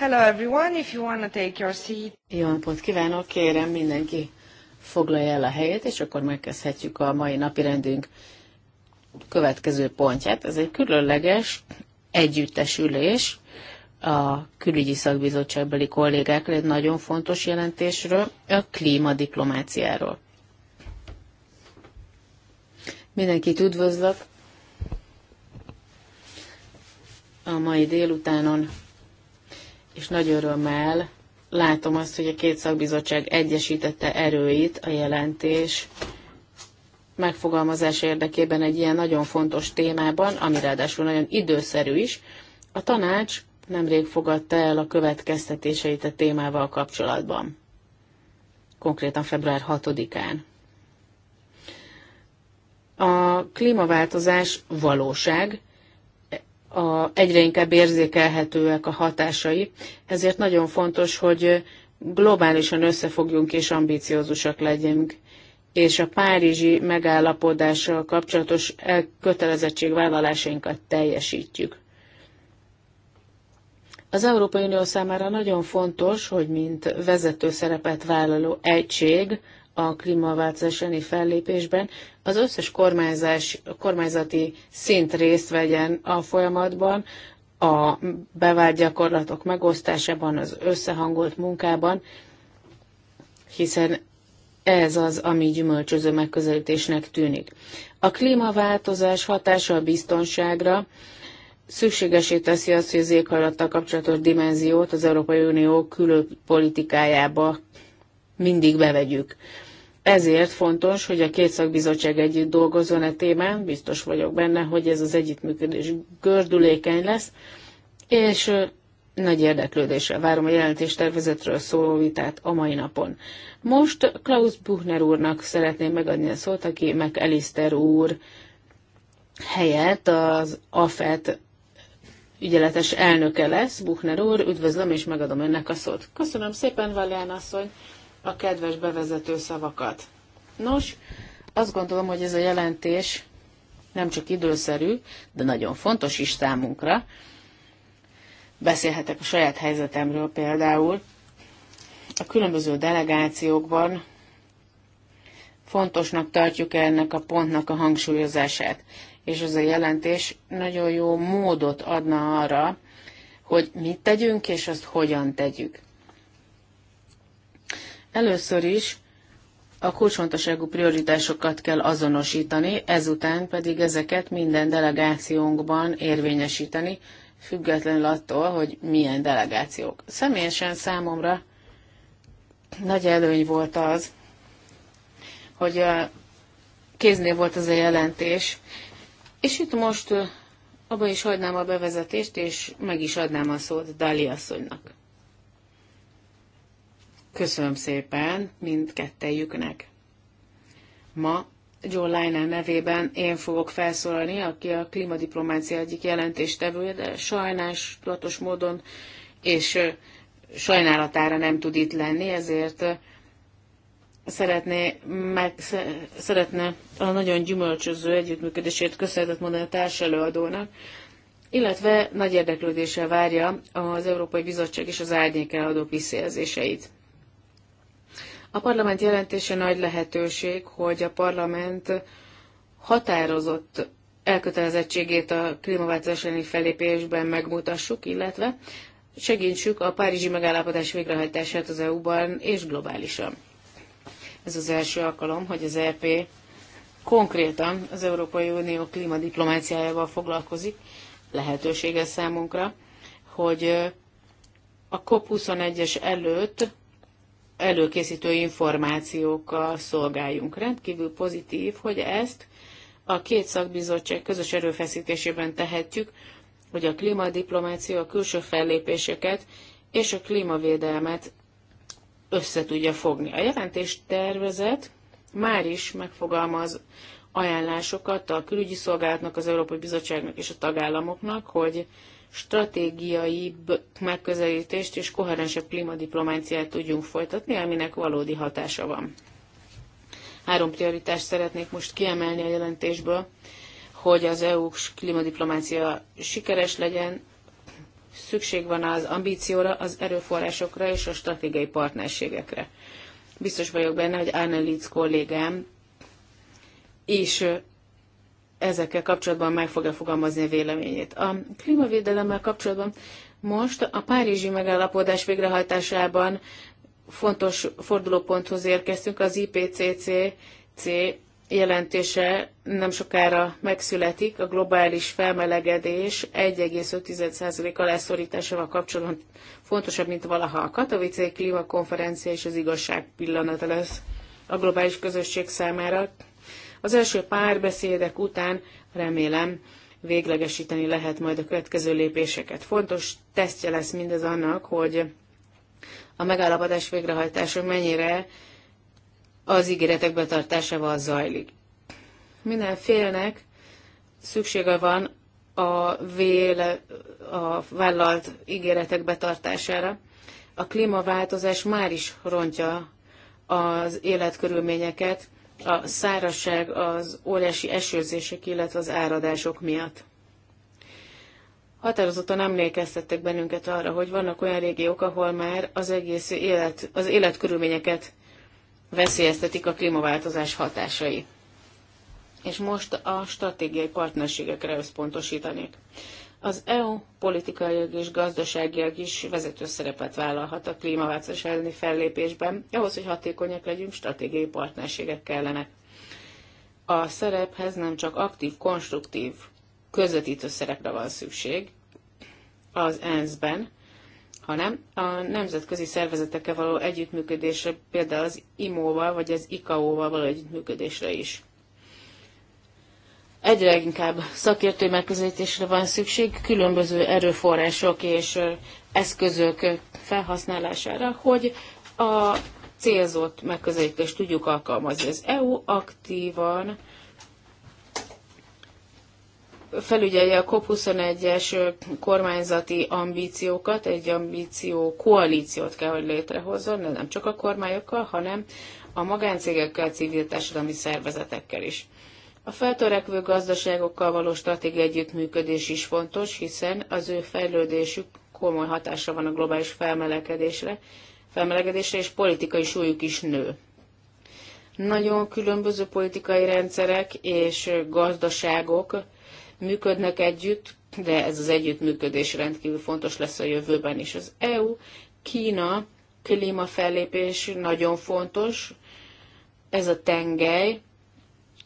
Hello everyone, if you want to take your seat. Jó napot kívánok, kérem mindenki foglalja el a helyét, és akkor megkezdhetjük a mai napi rendünk következő pontját. Ez egy különleges együttesülés a külügyi szakbizottságbeli kollégákra egy nagyon fontos jelentésről, a klímadiplomáciáról. Mindenkit üdvözlök a mai délutánon és nagy örömmel látom azt, hogy a két szakbizottság egyesítette erőit a jelentés megfogalmazás érdekében egy ilyen nagyon fontos témában, ami ráadásul nagyon időszerű is. A tanács nemrég fogadta el a következtetéseit a témával kapcsolatban, konkrétan február 6-án. A klímaváltozás valóság, a, egyre inkább érzékelhetőek a hatásai, ezért nagyon fontos, hogy globálisan összefogjunk és ambíciózusak legyünk. És a párizsi megállapodással kapcsolatos kötelezettségvállalásainkat teljesítjük. Az Európai Unió számára nagyon fontos, hogy mint vezető szerepet vállaló egység, a klímaváltozás fellépésben, az összes kormányzás, kormányzati szint részt vegyen a folyamatban, a bevált gyakorlatok megosztásában, az összehangolt munkában, hiszen ez az, ami gyümölcsöző megközelítésnek tűnik. A klímaváltozás hatása a biztonságra szükségesé teszi azt, hogy az éghajlattal kapcsolatos dimenziót az Európai Unió külpolitikájába mindig bevegyük. Ezért fontos, hogy a két szakbizottság együtt dolgozzon e témán, biztos vagyok benne, hogy ez az együttműködés gördülékeny lesz, és nagy érdeklődéssel várom a jelentés tervezetről szóló vitát a mai napon. Most Klaus Buchner úrnak szeretném megadni a szót, aki meg Elister úr helyett az AFET ügyeletes elnöke lesz. Buchner úr, üdvözlöm és megadom önnek a szót. Köszönöm szépen, Valján asszony! a kedves bevezető szavakat. Nos, azt gondolom, hogy ez a jelentés nem csak időszerű, de nagyon fontos is számunkra. Beszélhetek a saját helyzetemről például. A különböző delegációkban fontosnak tartjuk ennek a pontnak a hangsúlyozását. És ez a jelentés nagyon jó módot adna arra, hogy mit tegyünk, és azt hogyan tegyük. Először is a kulcsfontosságú prioritásokat kell azonosítani, ezután pedig ezeket minden delegációnkban érvényesíteni, függetlenül attól, hogy milyen delegációk. Személyesen számomra nagy előny volt az, hogy a kéznél volt az a jelentés, és itt most abban is hagynám a bevezetést, és meg is adnám a szót Dali asszonynak. Köszönöm szépen mindkettejüknek. Ma John Liner nevében én fogok felszólalni, aki a klímadiplomácia egyik jelentéstevője, de sajnás tudatos módon és sajnálatára nem tud itt lenni, ezért szeretné, meg, szeretne a nagyon gyümölcsöző együttműködését köszönetet mondani a társelőadónak, illetve nagy érdeklődéssel várja az Európai Bizottság és az árnyékelőadók visszajelzéseit. A parlament jelentése nagy lehetőség, hogy a parlament határozott elkötelezettségét a klímaváltozás elleni fellépésben megmutassuk, illetve segítsük a párizsi megállapodás végrehajtását az EU-ban és globálisan. Ez az első alkalom, hogy az EP konkrétan az Európai Unió klímadiplomáciájával foglalkozik, lehetősége számunkra, hogy a COP21-es előtt előkészítő információkkal szolgáljunk. Rendkívül pozitív, hogy ezt a két szakbizottság közös erőfeszítésében tehetjük, hogy a klímadiplomácia, a külső fellépéseket és a klímavédelmet össze tudja fogni. A jelentés tervezet már is megfogalmaz ajánlásokat a külügyi szolgálatnak, az Európai Bizottságnak és a tagállamoknak, hogy stratégiai megközelítést és koherensebb klímadiplomáciát tudjunk folytatni, aminek valódi hatása van. Három prioritást szeretnék most kiemelni a jelentésből, hogy az EU-s klímadiplomácia sikeres legyen, szükség van az ambícióra, az erőforrásokra és a stratégiai partnerségekre. Biztos vagyok benne, hogy Arne Litz kollégám is ezekkel kapcsolatban meg fogja fogalmazni a véleményét. A klímavédelemmel kapcsolatban most a Párizsi megállapodás végrehajtásában fontos fordulóponthoz érkeztünk. Az IPCC jelentése nem sokára megszületik, a globális felmelegedés 1,5%-a leszorításával kapcsolatban fontosabb, mint valaha. A Katowice klímakonferencia és az igazság pillanata lesz a globális közösség számára. Az első párbeszédek után remélem véglegesíteni lehet majd a következő lépéseket. Fontos tesztje lesz mindez annak, hogy a megállapodás végrehajtása mennyire az ígéretek betartásával zajlik. Minden félnek szüksége van a, véle, a vállalt ígéretek betartására. A klímaváltozás már is rontja az életkörülményeket, a szárazság az óriási esőzések, illetve az áradások miatt. Határozottan emlékeztettek bennünket arra, hogy vannak olyan régiók, ahol már az egész élet, az életkörülményeket veszélyeztetik a klímaváltozás hatásai. És most a stratégiai partnerségekre összpontosítanék. Az EU politikailag és gazdaságilag is vezető szerepet vállalhat a klímaváltozás elleni fellépésben, ahhoz, hogy hatékonyak legyünk, stratégiai partnerségek kellenek. A szerephez nem csak aktív, konstruktív, közvetítő szerepre van szükség az ENSZ-ben, hanem a nemzetközi szervezetekkel való együttműködésre, például az IMO-val vagy az ICAO-val való együttműködésre is egyre inkább szakértői megközelítésre van szükség, különböző erőforrások és eszközök felhasználására, hogy a célzott megközelítést tudjuk alkalmazni. Az EU aktívan felügyelje a COP21-es kormányzati ambíciókat, egy ambíció koalíciót kell, hogy létrehozzon, nem csak a kormányokkal, hanem a magáncégekkel, civil társadalmi szervezetekkel is. A feltörekvő gazdaságokkal való stratégiai együttműködés is fontos, hiszen az ő fejlődésük komoly hatása van a globális felmelegedésre, felmelegedésre és politikai súlyuk is nő. Nagyon különböző politikai rendszerek és gazdaságok működnek együtt, de ez az együttműködés rendkívül fontos lesz a jövőben is. Az EU, Kína klímafellépés nagyon fontos, ez a tengely,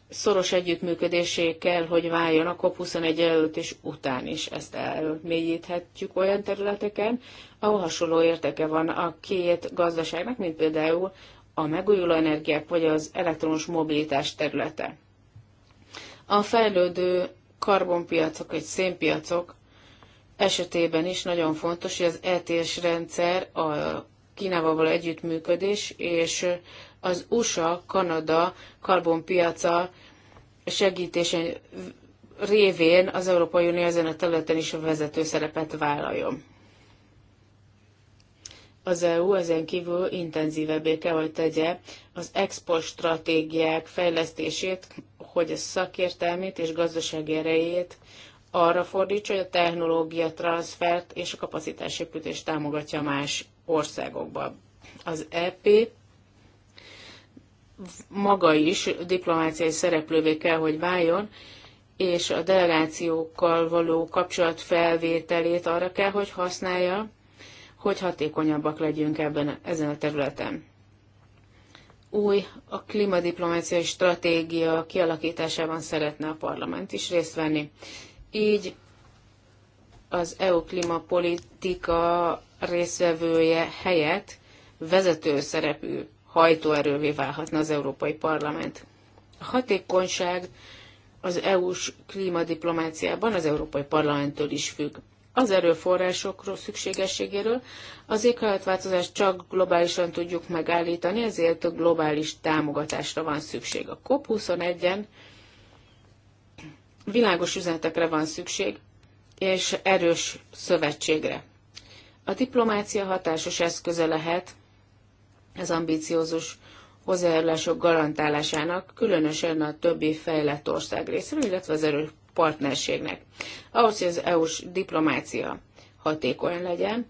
szoros együttműködésé kell, hogy váljon a COP21 előtt és után is ezt elmélyíthetjük olyan területeken, ahol hasonló érteke van a két gazdaságnak, mint például a megújuló energiák vagy az elektronos mobilitás területe. A fejlődő karbonpiacok vagy szénpiacok esetében is nagyon fontos, hogy az ETS rendszer, a Kínával való együttműködés és az USA-Kanada karbonpiaca segítése révén az Európai Unió ezen a területen is a vezető szerepet vállaljon. Az EU ezen kívül intenzívebbé kell, hogy tegye az export stratégiák fejlesztését, hogy a szakértelmét és gazdasági erejét arra fordítsa, hogy a technológia transfert és a kapacitásépítést támogatja más országokba Az EP maga is diplomáciai szereplővé kell, hogy váljon, és a delegációkkal való kapcsolatfelvételét arra kell, hogy használja, hogy hatékonyabbak legyünk ebben, ezen a területen. Új, a klímadiplomáciai stratégia kialakításában szeretne a parlament is részt venni. Így az EU klímapolitika részvevője helyett vezető szerepű hajtóerővé válhatna az Európai Parlament. A hatékonyság az EU-s klímadiplomáciában az Európai Parlamenttől is függ. Az erőforrásokról szükségességéről az éghajlatváltozást csak globálisan tudjuk megállítani, ezért a globális támogatásra van szükség. A COP21-en világos üzenetekre van szükség, és erős szövetségre. A diplomácia hatásos eszköze lehet az ambíciózus hozzájárulások garantálásának, különösen a többi fejlett ország részéről, illetve az erős partnerségnek. Ahhoz, hogy az EU-s diplomácia hatékony legyen,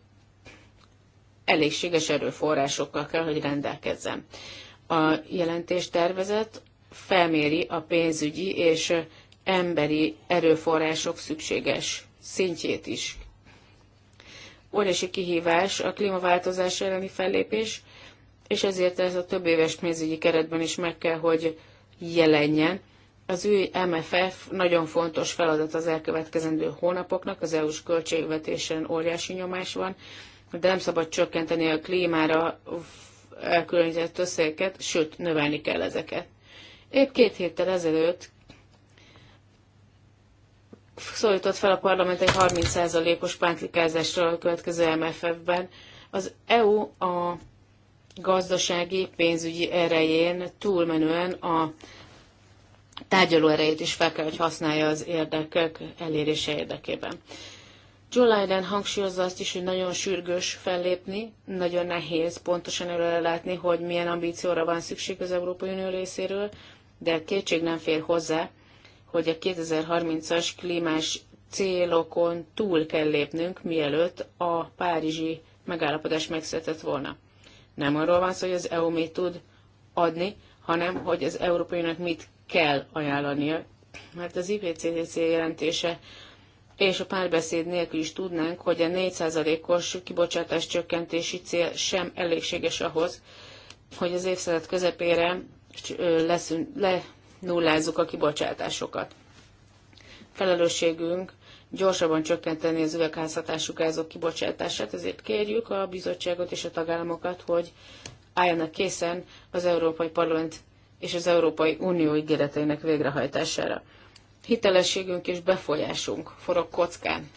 elégséges erőforrásokkal kell, hogy rendelkezzen. A jelentéstervezet felméri a pénzügyi és emberi erőforrások szükséges szintjét is. Óriási kihívás a klímaváltozás elleni fellépés, és ezért ez a több éves pénzügyi keretben is meg kell, hogy jelenjen. Az új MFF nagyon fontos feladat az elkövetkezendő hónapoknak, az EU-s költségvetésen óriási nyomás van, de nem szabad csökkenteni a klímára elkülönített összegeket, sőt, növelni kell ezeket. Épp két héttel ezelőtt szólított fel a parlament egy 30%-os pántlikázásra a következő MFF-ben. Az EU a gazdasági, pénzügyi erején túlmenően a tárgyaló erejét is fel kell, hogy használja az érdekek elérése érdekében. Joe Liden hangsúlyozza azt is, hogy nagyon sürgős fellépni, nagyon nehéz pontosan előre látni, hogy milyen ambícióra van szükség az Európai Unió részéről, de kétség nem fér hozzá, hogy a 2030-as klímás célokon túl kell lépnünk, mielőtt a párizsi megállapodás megszületett volna. Nem arról van szó, hogy az EU mit tud adni, hanem hogy az Európai Uniónak mit kell ajánlania, mert az IPCC jelentése és a párbeszéd nélkül is tudnánk, hogy a 4%-os kibocsátás csökkentési cél sem elégséges ahhoz, hogy az évszázad közepére le lenullázzuk a kibocsátásokat. Felelősségünk gyorsabban csökkenteni az üvegházhatású gázok kibocsátását, ezért kérjük a bizottságot és a tagállamokat, hogy álljanak készen az Európai Parlament és az Európai Unió ígéreteinek végrehajtására. Hitelességünk és befolyásunk forog kockán,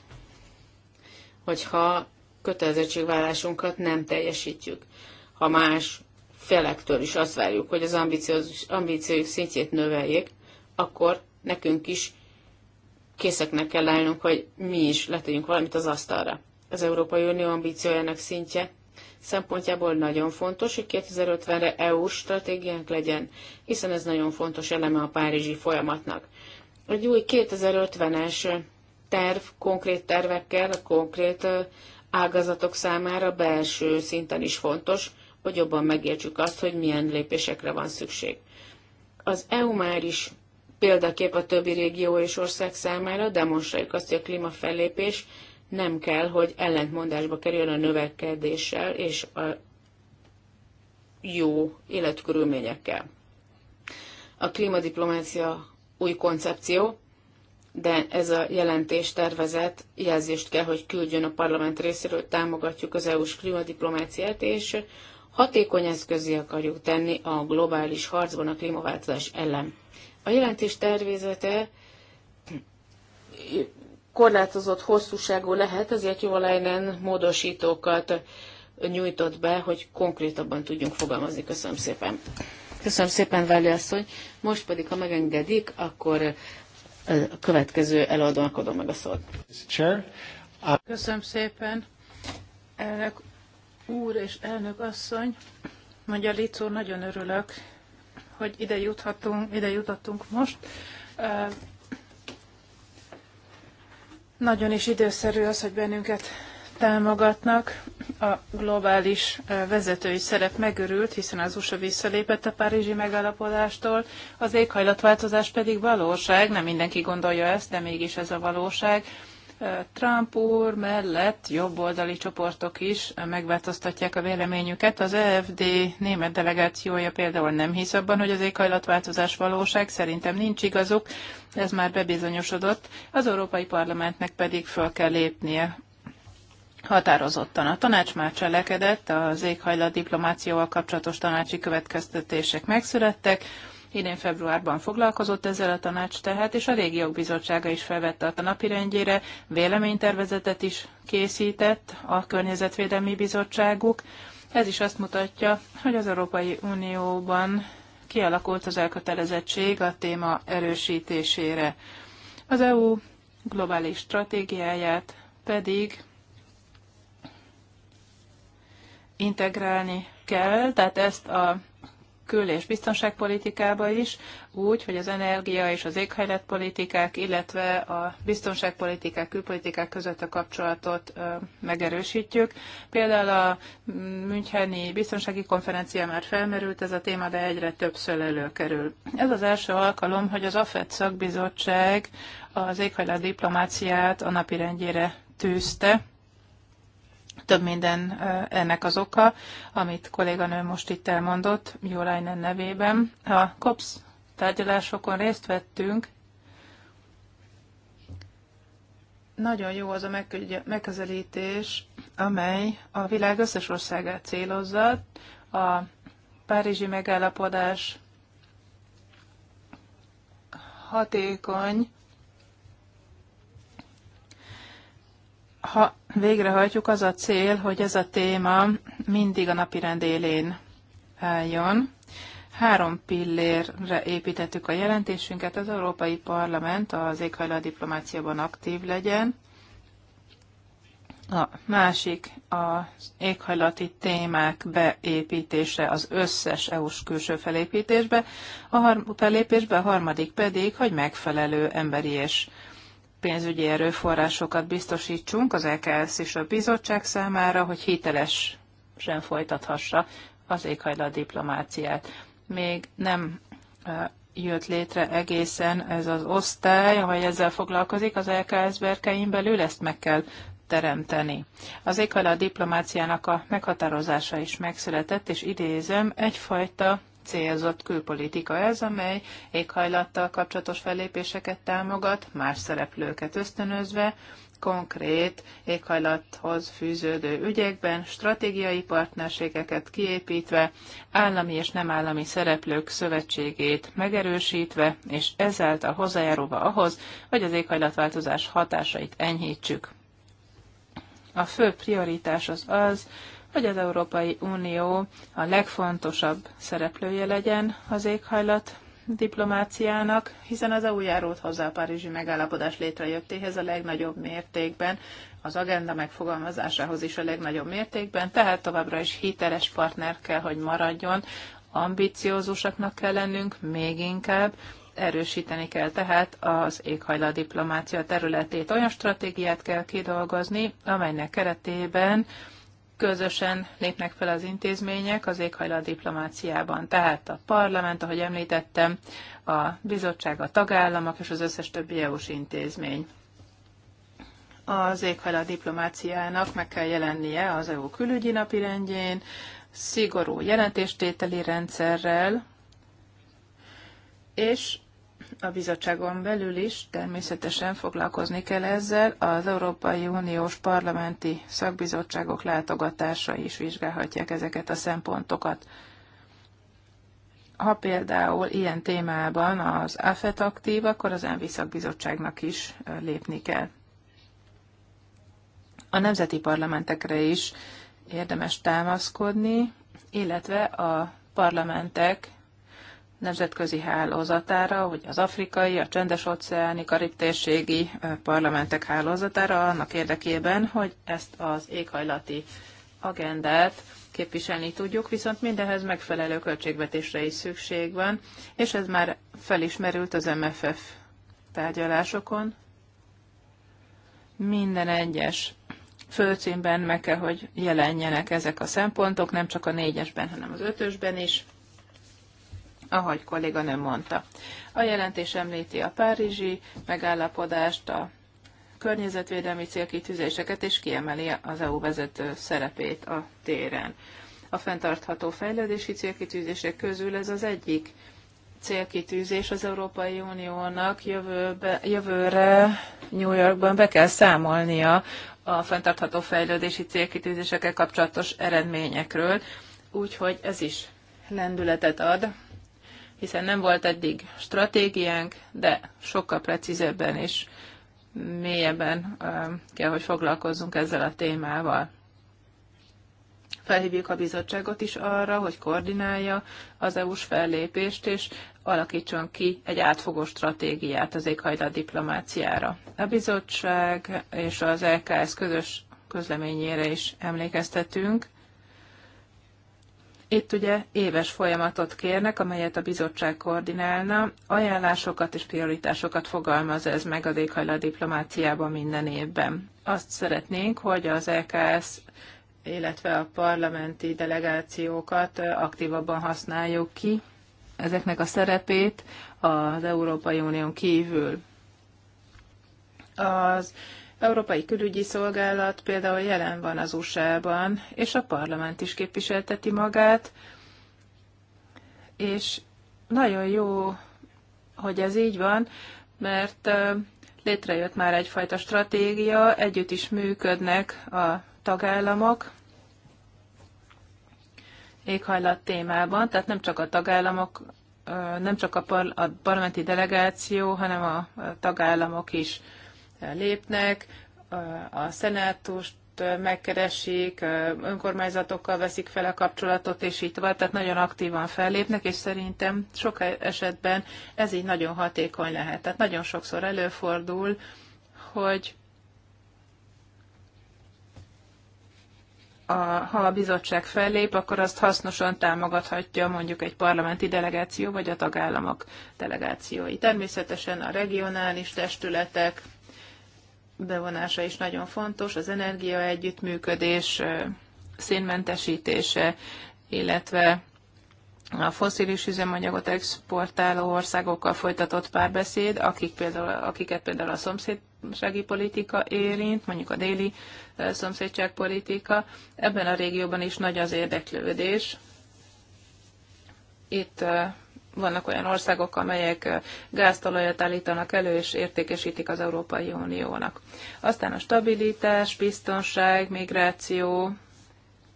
hogyha kötelezettségvállásunkat nem teljesítjük. Ha más felektől is azt várjuk, hogy az ambíciójuk szintjét növeljék, akkor nekünk is készeknek kell állnunk, hogy mi is letegyünk valamit az asztalra. Az Európai Unió ambíciójának szintje szempontjából nagyon fontos, hogy 2050-re EU stratégiánk legyen, hiszen ez nagyon fontos eleme a párizsi folyamatnak. Egy új 2050-es terv, konkrét tervekkel, a konkrét ágazatok számára belső szinten is fontos, hogy jobban megértsük azt, hogy milyen lépésekre van szükség. Az EU már is példakép a többi régió és ország számára, demonstráljuk azt, hogy a klímafellépés nem kell, hogy ellentmondásba kerüljön a növekedéssel és a jó életkörülményekkel. A klímadiplomácia új koncepció, de ez a jelentés tervezett jelzést kell, hogy küldjön a parlament részéről, támogatjuk az EU-s klímadiplomáciát, és hatékony eszközé akarjuk tenni a globális harcban a klímaváltozás ellen. A jelentés tervezete korlátozott hosszúságú lehet, ezért lejnen módosítókat nyújtott be, hogy konkrétabban tudjunk fogalmazni. Köszönöm szépen. Köszönöm szépen, Váli asszony. Most pedig, ha megengedik, akkor a következő előadónak adom meg a szót. Köszönöm szépen, elnök úr és elnök asszony. Mondja Licó, nagyon örülök hogy ide juthatunk, ide jutottunk most. Nagyon is időszerű az, hogy bennünket támogatnak. A globális vezetői szerep megörült, hiszen az USA visszalépett a párizsi megállapodástól, az éghajlatváltozás pedig valóság, nem mindenki gondolja ezt, de mégis ez a valóság. Trump úr mellett jobboldali csoportok is megváltoztatják a véleményüket. Az EFD német delegációja például nem hisz abban, hogy az éghajlatváltozás valóság, szerintem nincs igazuk, ez már bebizonyosodott, az Európai Parlamentnek pedig föl kell lépnie Határozottan a tanács már cselekedett, az éghajlat diplomációval kapcsolatos tanácsi következtetések megszülettek, Idén februárban foglalkozott ezzel a tanács tehát, és a régiók bizottsága is felvette a napirendjére, véleménytervezetet is készített a Környezetvédelmi Bizottságuk. Ez is azt mutatja, hogy az Európai Unióban kialakult az elkötelezettség a téma erősítésére. Az EU globális stratégiáját pedig integrálni kell, tehát ezt a kül- és biztonságpolitikába is, úgy, hogy az energia és az éghajlatpolitikák, illetve a biztonságpolitikák, külpolitikák között a kapcsolatot megerősítjük. Például a Müncheni Biztonsági Konferencia már felmerült ez a téma, de egyre többször előkerül. Ez az első alkalom, hogy az AFET szakbizottság az éghajlat diplomáciát a napirendjére tűzte, több minden ennek az oka, amit kolléganő most itt elmondott, Jolainen nevében. A COPS tárgyalásokon részt vettünk, nagyon jó az a megközelítés, amely a világ összes országát célozza. A párizsi megállapodás hatékony ha végrehajtjuk, az a cél, hogy ez a téma mindig a rend élén álljon. Három pillérre építettük a jelentésünket, az Európai Parlament az éghajlat diplomáciában aktív legyen, a másik az éghajlati témák beépítése az összes EU-s külső felépítésbe, a har- felépésbe, a harmadik pedig, hogy megfelelő emberi és pénzügyi erőforrásokat biztosítsunk az EKS és a bizottság számára, hogy hitelesen folytathassa az éghajlat diplomáciát. Még nem jött létre egészen ez az osztály, amely ezzel foglalkozik az LKS e berkein belül, ezt meg kell teremteni. Az éghajlat diplomáciának a meghatározása is megszületett, és idézem, egyfajta célzott külpolitika ez, amely éghajlattal kapcsolatos fellépéseket támogat, más szereplőket ösztönözve, konkrét éghajlathoz fűződő ügyekben, stratégiai partnerségeket kiépítve, állami és nem állami szereplők szövetségét megerősítve, és ezáltal hozzájárulva ahhoz, hogy az éghajlatváltozás hatásait enyhítsük. A fő prioritás az az, hogy az Európai Unió a legfontosabb szereplője legyen az éghajlat diplomáciának, hiszen az EU járult hozzá a Párizsi megállapodás létrejöttéhez a legnagyobb mértékben, az agenda megfogalmazásához is a legnagyobb mértékben, tehát továbbra is hiteles partner kell, hogy maradjon, ambiciózusaknak kell lennünk, még inkább, erősíteni kell tehát az éghajlat diplomácia területét. Olyan stratégiát kell kidolgozni, amelynek keretében közösen lépnek fel az intézmények az éghajlat diplomáciában. Tehát a parlament, ahogy említettem, a bizottság, a tagállamok és az összes többi EU-s intézmény. Az éghajlat diplomáciának meg kell jelennie az EU külügyi napirendjén, szigorú jelentéstételi rendszerrel, és a bizottságon belül is természetesen foglalkozni kell ezzel. Az Európai Uniós parlamenti szakbizottságok látogatása is vizsgálhatják ezeket a szempontokat. Ha például ilyen témában az AFET aktív, akkor az ENVI szakbizottságnak is lépni kell. A nemzeti parlamentekre is érdemes támaszkodni, illetve a parlamentek nemzetközi hálózatára, hogy az afrikai, a csendes-óceáni, karib-térségi parlamentek hálózatára annak érdekében, hogy ezt az éghajlati agendát képviselni tudjuk, viszont mindenhez megfelelő költségvetésre is szükség van, és ez már felismerült az MFF tárgyalásokon. Minden egyes főcímben meg kell, hogy jelenjenek ezek a szempontok, nem csak a négyesben, hanem az ötösben is ahogy nem mondta. A jelentés említi a párizsi megállapodást, a környezetvédelmi célkitűzéseket, és kiemeli az EU vezető szerepét a téren. A fenntartható fejlődési célkitűzések közül ez az egyik célkitűzés az Európai Uniónak jövőbe, jövőre New Yorkban be kell számolnia a fenntartható fejlődési célkitűzésekkel kapcsolatos eredményekről, úgyhogy ez is lendületet ad hiszen nem volt eddig stratégiánk, de sokkal precízebben és mélyebben kell, hogy foglalkozzunk ezzel a témával. Felhívjuk a bizottságot is arra, hogy koordinálja az EU-s fellépést, és alakítson ki egy átfogó stratégiát az éghajlat diplomáciára. A bizottság és az LKS e közös közleményére is emlékeztetünk, itt ugye éves folyamatot kérnek, amelyet a bizottság koordinálna, ajánlásokat és prioritásokat fogalmaz ez meg az éghajlat diplomáciában minden évben. Azt szeretnénk, hogy az EKS illetve a parlamenti delegációkat aktívabban használjuk ki, ezeknek a szerepét az Európai Unión kívül. Az Európai Külügyi Szolgálat például jelen van az USA-ban, és a parlament is képviselteti magát, és nagyon jó, hogy ez így van, mert létrejött már egyfajta stratégia, együtt is működnek a tagállamok éghajlat témában, tehát nem csak a tagállamok, nem csak a, par- a parlamenti delegáció, hanem a tagállamok is lépnek, a szenátust megkeresik, önkormányzatokkal veszik fel a kapcsolatot, és így tovább, tehát nagyon aktívan fellépnek, és szerintem sok esetben ez így nagyon hatékony lehet. Tehát nagyon sokszor előfordul, hogy a, ha a bizottság fellép, akkor azt hasznosan támogathatja mondjuk egy parlamenti delegáció vagy a tagállamok delegációi. Természetesen a regionális testületek, bevonása is nagyon fontos, az energia együttműködés szénmentesítése, illetve a foszilis üzemanyagot exportáló országokkal folytatott párbeszéd, akik például, akiket például a szomszédsági politika érint, mondjuk a déli politika Ebben a régióban is nagy az érdeklődés. Itt vannak olyan országok, amelyek gáztolajat állítanak elő és értékesítik az Európai Uniónak. Aztán a stabilitás, biztonság, migráció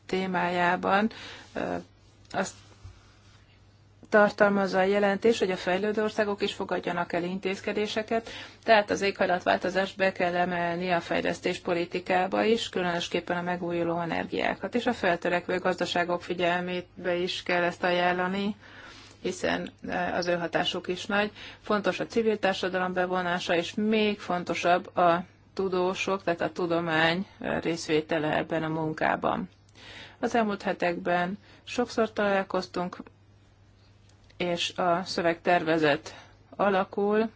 témájában azt tartalmazza a jelentés, hogy a fejlődő országok is fogadjanak el intézkedéseket, tehát az éghajlatváltozást be kell emelni a fejlesztés politikába is, különösképpen a megújuló energiákat, és a feltörekvő gazdaságok figyelmébe is kell ezt ajánlani, hiszen e, az ő hatásuk is nagy. Fontos a civil társadalom bevonása, és még fontosabb a tudósok, tehát a tudomány e, részvétele ebben a munkában. Az elmúlt hetekben sokszor találkoztunk, és a szövegtervezet alakul.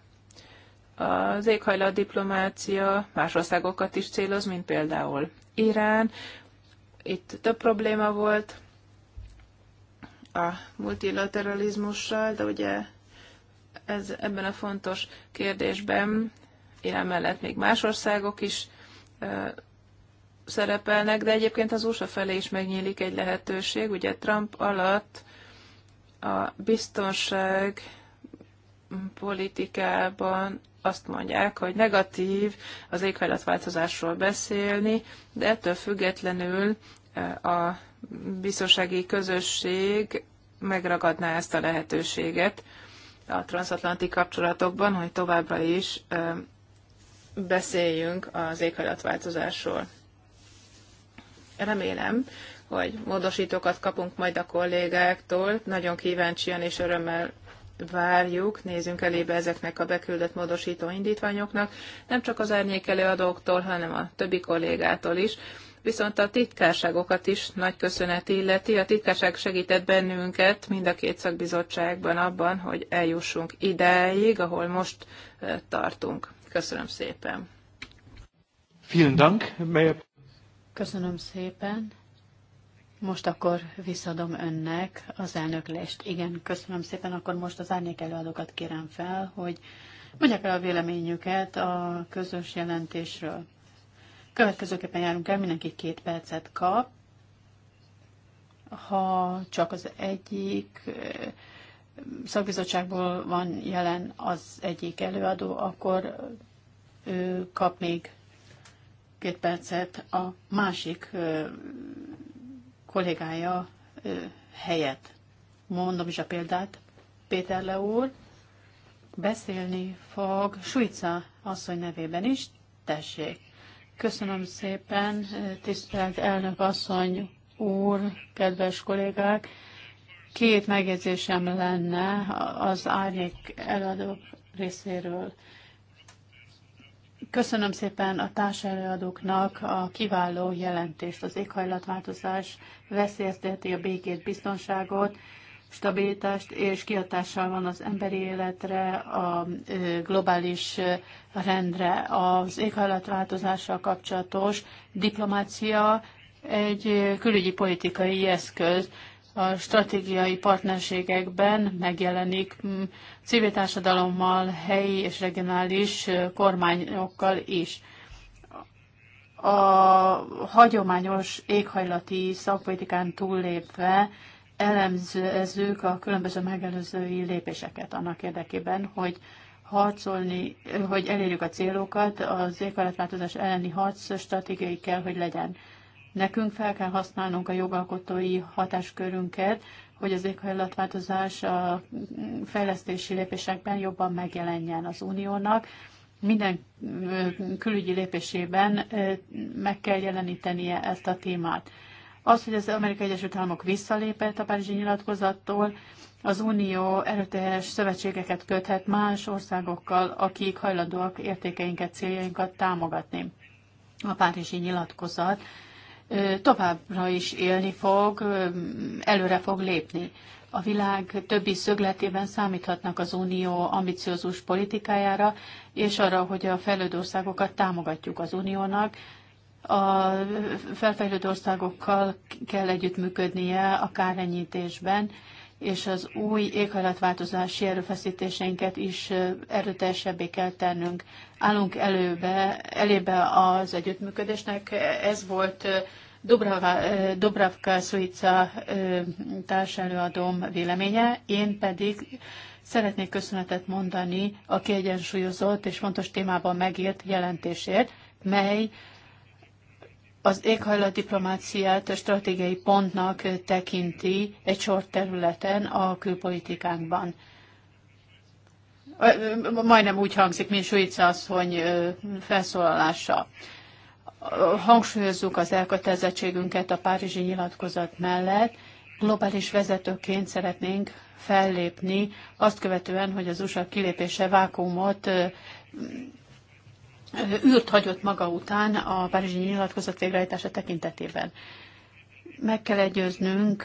Az éghajlat diplomácia más országokat is céloz, mint például Irán. Itt több probléma volt, a multilateralizmussal, de ugye ez, ebben a fontos kérdésben Irán mellett még más országok is ö, szerepelnek, de egyébként az USA felé is megnyílik egy lehetőség. Ugye Trump alatt a biztonság politikában azt mondják, hogy negatív az éghajlatváltozásról beszélni, de ettől függetlenül a biztonsági közösség megragadná ezt a lehetőséget a transatlanti kapcsolatokban, hogy továbbra is beszéljünk az éghajlatváltozásról. Remélem, hogy módosítókat kapunk majd a kollégáktól. Nagyon kíváncsian és örömmel várjuk, nézzünk elébe ezeknek a beküldött módosító indítványoknak, nem csak az árnyék előadóktól, hanem a többi kollégától is, viszont a titkárságokat is nagy köszönet illeti. A titkárság segített bennünket mind a két szakbizottságban abban, hogy eljussunk ideig, ahol most tartunk. Köszönöm szépen. Vielen Dank. Köszönöm szépen. Most akkor visszadom önnek az elnöklést. Igen, köszönöm szépen. Akkor most az árnyék előadókat kérem fel, hogy mondják el a véleményüket a közös jelentésről. Következőképpen járunk el, mindenki két percet kap. Ha csak az egyik eh, szakbizottságból van jelen az egyik előadó, akkor ő kap még két percet a másik eh, kollégája eh, helyett. Mondom is a példát, Péter Le úr beszélni fog Suica asszony nevében is, tessék. Köszönöm szépen, tisztelt elnök asszony, úr, kedves kollégák! Két megjegyzésem lenne az árnyék eladók részéről. Köszönöm szépen a társelőadóknak a kiváló jelentést. Az éghajlatváltozás veszélyezteti a békét, biztonságot, stabilitást, és kihatással van az emberi életre, a globális rendre. Az éghajlatváltozással kapcsolatos diplomácia egy külügyi politikai eszköz, a stratégiai partnerségekben megjelenik civil társadalommal, helyi és regionális kormányokkal is. A hagyományos éghajlati szakpolitikán túllépve elemzők a különböző megelőzői lépéseket annak érdekében, hogy harcolni, hogy elérjük a célokat, az éghajlatváltozás elleni harc stratégiai kell, hogy legyen. Nekünk fel kell használnunk a jogalkotói hatáskörünket, hogy az éghajlatváltozás a fejlesztési lépésekben jobban megjelenjen az uniónak. Minden külügyi lépésében meg kell jelenítenie ezt a témát. Az, hogy az Amerikai Egyesült Államok visszalépett a Párizsi nyilatkozattól, az Unió erőteljes szövetségeket köthet más országokkal, akik hajlandóak értékeinket, céljainkat támogatni. A Párizsi nyilatkozat továbbra is élni fog, előre fog lépni. A világ többi szögletében számíthatnak az Unió ambiciózus politikájára, és arra, hogy a fejlődő országokat támogatjuk az Uniónak, a felfejlődő országokkal kell együttműködnie a kárenyítésben, és az új éghajlatváltozási erőfeszítéseinket is erőteljesebbé kell tennünk. Állunk előbe, elébe az együttműködésnek. Ez volt Dobrava, Dobravka Szuica társelőadóm véleménye, én pedig szeretnék köszönetet mondani a kiegyensúlyozott és fontos témában megírt jelentésért, mely az éghajlatdiplomáciát stratégiai pontnak tekinti egy sor területen a külpolitikánkban. Majdnem úgy hangzik, mint Suica asszony felszólalása. Hangsúlyozzuk az elkötelezettségünket a Párizsi nyilatkozat mellett. Globális vezetőként szeretnénk fellépni, azt követően, hogy az USA kilépése vákumot űrt hagyott maga után a Párizsi nyilatkozat végrehajtása tekintetében. Meg kell egyőznünk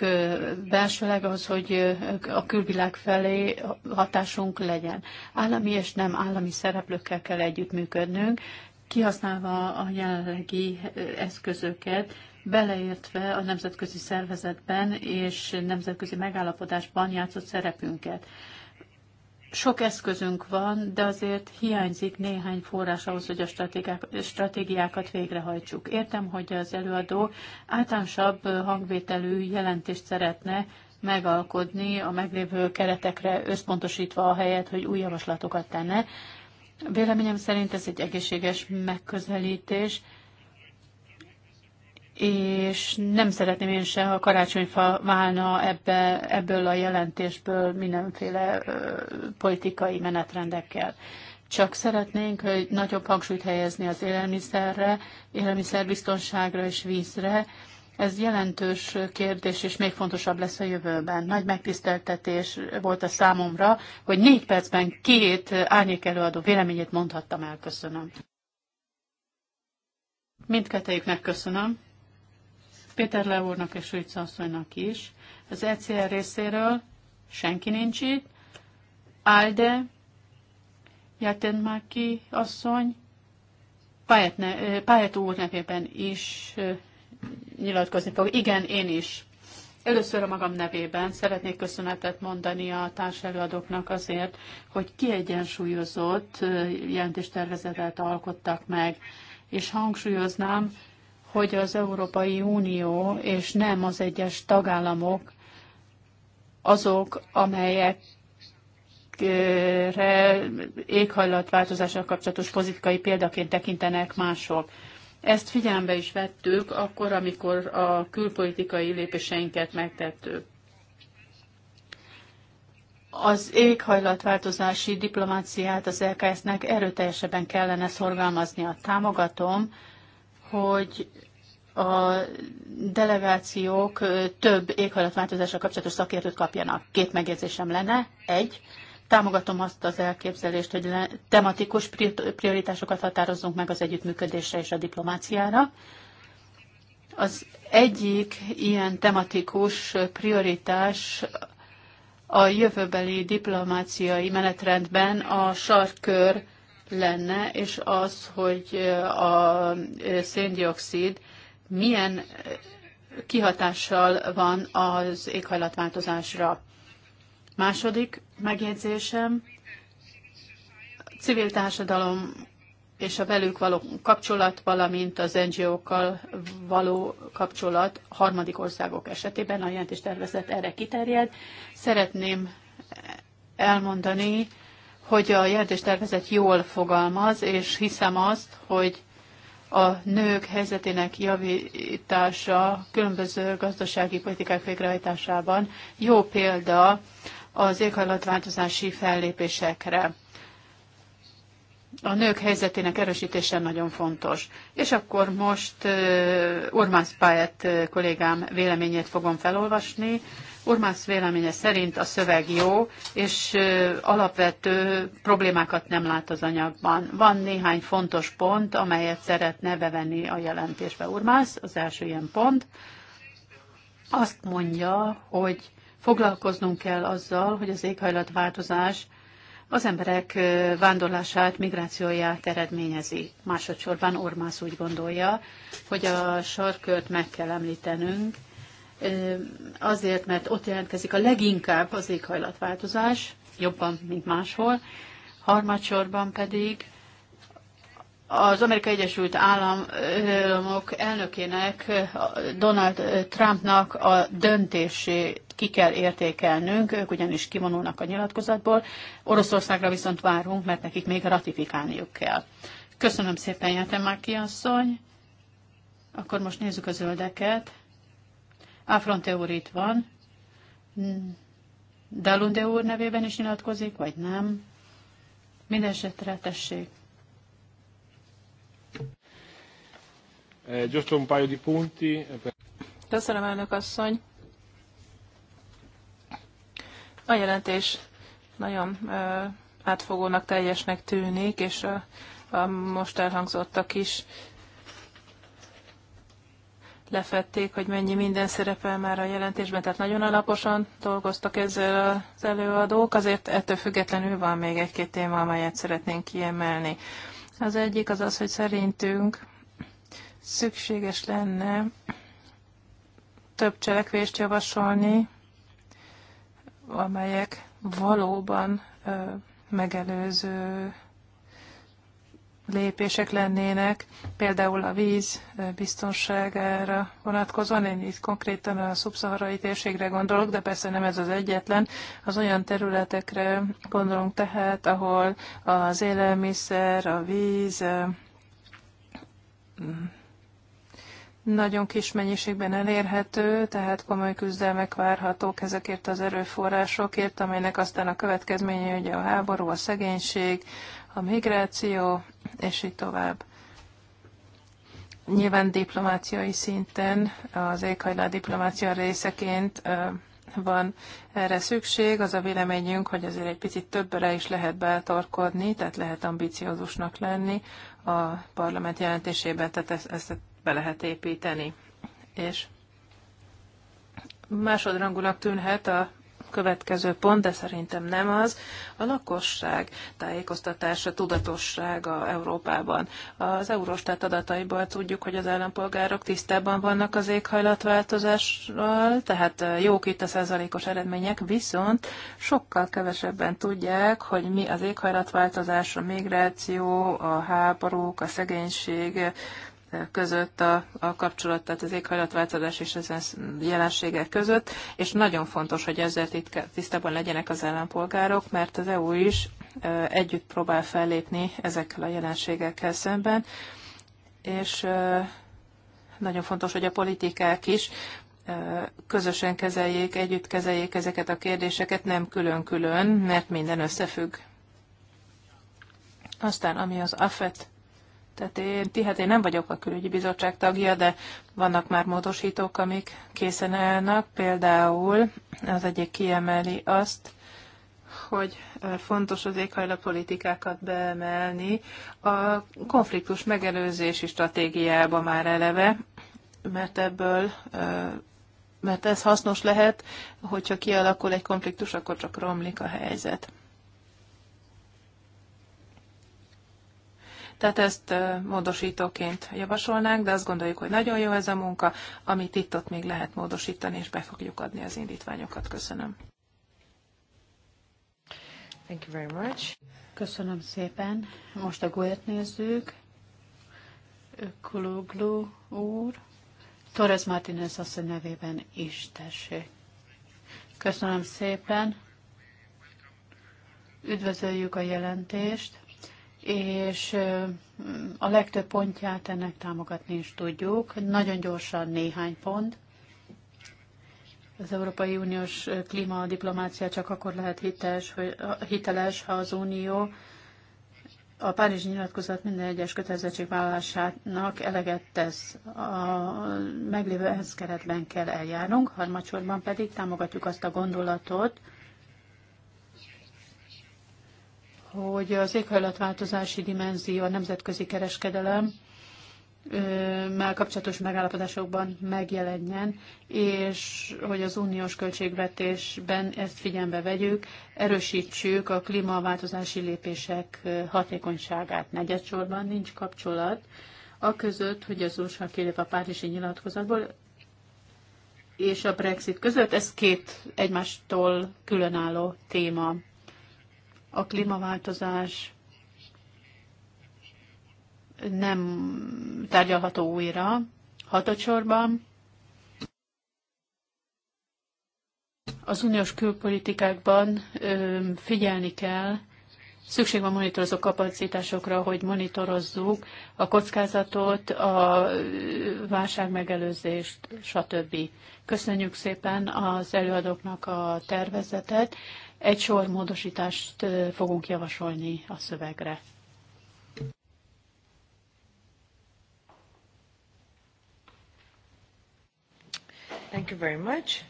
belsőleg az, hogy a külvilág felé hatásunk legyen. Állami és nem állami szereplőkkel kell együttműködnünk, kihasználva a jelenlegi eszközöket, beleértve a nemzetközi szervezetben és nemzetközi megállapodásban játszott szerepünket sok eszközünk van, de azért hiányzik néhány forrás ahhoz, hogy a stratégiákat végrehajtsuk. Értem, hogy az előadó általánosabb hangvételű jelentést szeretne megalkodni a meglévő keretekre összpontosítva a helyet, hogy új javaslatokat tenne. Véleményem szerint ez egy egészséges megközelítés, és nem szeretném én se, ha karácsonyfa válna ebbe, ebből a jelentésből mindenféle ö, politikai menetrendekkel. Csak szeretnénk, hogy nagyobb hangsúlyt helyezni az élelmiszerre, élelmiszerbiztonságra és vízre. Ez jelentős kérdés, és még fontosabb lesz a jövőben. Nagy megtiszteltetés volt a számomra, hogy négy percben két árnyék előadó véleményét mondhattam el. Köszönöm. Mindkettőjüknek köszönöm. Péter Le úrnak és Rüjc asszonynak is. Az ECR részéről senki nincs itt. Alde, Jatenmaki asszony, Pályet, ne, eh, Pályet úr nevében is eh, nyilatkozni fog. Igen, én is. Először a magam nevében szeretnék köszönetet mondani a társelőadóknak azért, hogy kiegyensúlyozott eh, jelentéstervezetet alkottak meg, és hangsúlyoznám, hogy az Európai Unió és nem az egyes tagállamok azok, amelyek éghajlatváltozással kapcsolatos politikai példaként tekintenek mások. Ezt figyelembe is vettük akkor, amikor a külpolitikai lépéseinket megtettük. Az éghajlatváltozási diplomáciát az LKS-nek erőteljesebben kellene szorgalmaznia. Támogatom hogy a delegációk több éghajlatváltozásra kapcsolatos szakértőt kapjanak. Két megjegyzésem lenne. Egy, támogatom azt az elképzelést, hogy tematikus prioritásokat határozzunk meg az együttműködésre és a diplomáciára. Az egyik ilyen tematikus prioritás a jövőbeli diplomáciai menetrendben a sarkkör lenne, és az, hogy a széndiokszid milyen kihatással van az éghajlatváltozásra. Második megjegyzésem, civil társadalom és a velük való kapcsolat, valamint az NGO-kkal való kapcsolat harmadik országok esetében a tervezet erre kiterjed. Szeretném elmondani, hogy a jelentéstervezet jól fogalmaz, és hiszem azt, hogy a nők helyzetének javítása különböző gazdasági politikák végrehajtásában jó példa az éghajlatváltozási fellépésekre. A nők helyzetének erősítése nagyon fontos. És akkor most Ormán Spájett kollégám véleményét fogom felolvasni. Urmász véleménye szerint a szöveg jó, és alapvető problémákat nem lát az anyagban. Van néhány fontos pont, amelyet szeretne bevenni a jelentésbe Urmász. Az első ilyen pont azt mondja, hogy foglalkoznunk kell azzal, hogy az éghajlatváltozás az emberek vándorlását, migrációját eredményezi. Másodszorban Ormász úgy gondolja, hogy a sarkört meg kell említenünk, azért, mert ott jelentkezik a leginkább az éghajlatváltozás, jobban, mint máshol. Harmadsorban pedig az Amerikai Egyesült Államok elnökének, Donald Trumpnak a döntését ki kell értékelnünk, ők ugyanis kivonulnak a nyilatkozatból. Oroszországra viszont várunk, mert nekik még ratifikálniuk kell. Köszönöm szépen, Játemáki asszony. Akkor most nézzük a zöldeket. Afronte úr itt van. Dalunde úr nevében is nyilatkozik, vagy nem? Mindenesetre tessék. Eh, eh, Köszönöm, elnök asszony. A jelentés nagyon eh, átfogónak, teljesnek tűnik, és a, a most elhangzottak is lefették, hogy mennyi minden szerepel már a jelentésben, tehát nagyon alaposan dolgoztak ezzel az előadók, azért ettől függetlenül van még egy-két téma, amelyet szeretnénk kiemelni. Az egyik az az, hogy szerintünk szükséges lenne több cselekvést javasolni, amelyek valóban megelőző lépések lennének, például a víz biztonságára vonatkozóan, én itt konkrétan a szubszaharai térségre gondolok, de persze nem ez az egyetlen, az olyan területekre gondolunk tehát, ahol az élelmiszer, a víz mm, nagyon kis mennyiségben elérhető, tehát komoly küzdelmek várhatók ezekért az erőforrásokért, amelynek aztán a következménye ugye a háború, a szegénység, a migráció, és így tovább. Nyilván diplomáciai szinten, az éghajlá diplomácia részeként van erre szükség. Az a véleményünk, hogy azért egy picit többre is lehet bátorkodni, tehát lehet ambiciózusnak lenni a parlament jelentésében, tehát ezt, ezt be lehet építeni. És másodrangulak tűnhet a következő pont, de szerintem nem az, a lakosság tájékoztatása, tudatossága Európában. Az Eurostat adataiból tudjuk, hogy az állampolgárok tisztában vannak az éghajlatváltozással, tehát jók itt a százalékos eredmények, viszont sokkal kevesebben tudják, hogy mi az éghajlatváltozás, a migráció, a háborúk, a szegénység, között a, a kapcsolat, tehát az éghajlatváltozás és az jelenségek között, és nagyon fontos, hogy ezzel tisztában legyenek az állampolgárok, mert az EU is együtt próbál fellépni ezekkel a jelenségekkel szemben, és nagyon fontos, hogy a politikák is közösen kezeljék, együtt kezeljék ezeket a kérdéseket, nem külön-külön, mert minden összefügg. Aztán, ami az AFET tehát én, tihet, én nem vagyok a külügyi bizottság tagja, de vannak már módosítók, amik készen állnak. Például az egyik kiemeli azt, hogy fontos az éghajlatpolitikákat beemelni a konfliktus megelőzési stratégiába már eleve, mert ebből mert ez hasznos lehet, hogyha kialakul egy konfliktus, akkor csak romlik a helyzet. Tehát ezt módosítóként javasolnánk, de azt gondoljuk, hogy nagyon jó ez a munka, amit itt ott még lehet módosítani, és be fogjuk adni az indítványokat. Köszönöm. Thank you very much. Köszönöm szépen. Most a golyat nézzük. Kuluglu úr. Torres Martínez asszony nevében is tessék. Köszönöm szépen. Üdvözöljük a jelentést és a legtöbb pontját ennek támogatni is tudjuk. Nagyon gyorsan néhány pont. Az Európai Uniós klímadiplomácia csak akkor lehet hiteles, hogy, hiteles, ha az Unió a Párizsi nyilatkozat minden egyes kötelezettségvállalásának eleget tesz. A meglévő ehhez keretben kell eljárnunk, harmadsorban pedig támogatjuk azt a gondolatot, hogy az éghajlatváltozási dimenzió, a nemzetközi kereskedelem már kapcsolatos megállapodásokban megjelenjen, és hogy az uniós költségvetésben ezt figyelembe vegyük, erősítsük a klímaváltozási lépések hatékonyságát. Negyedsorban nincs kapcsolat a között, hogy az USA kilép a Párizsi nyilatkozatból, és a Brexit között, ez két egymástól különálló téma a klímaváltozás nem tárgyalható újra. Hatodsorban az uniós külpolitikákban figyelni kell, szükség van monitorozó kapacitásokra, hogy monitorozzuk a kockázatot, a válság megelőzést, stb. Köszönjük szépen az előadóknak a tervezetet. Egy sor módosítást fogunk javasolni a szövegre. Thank you very much.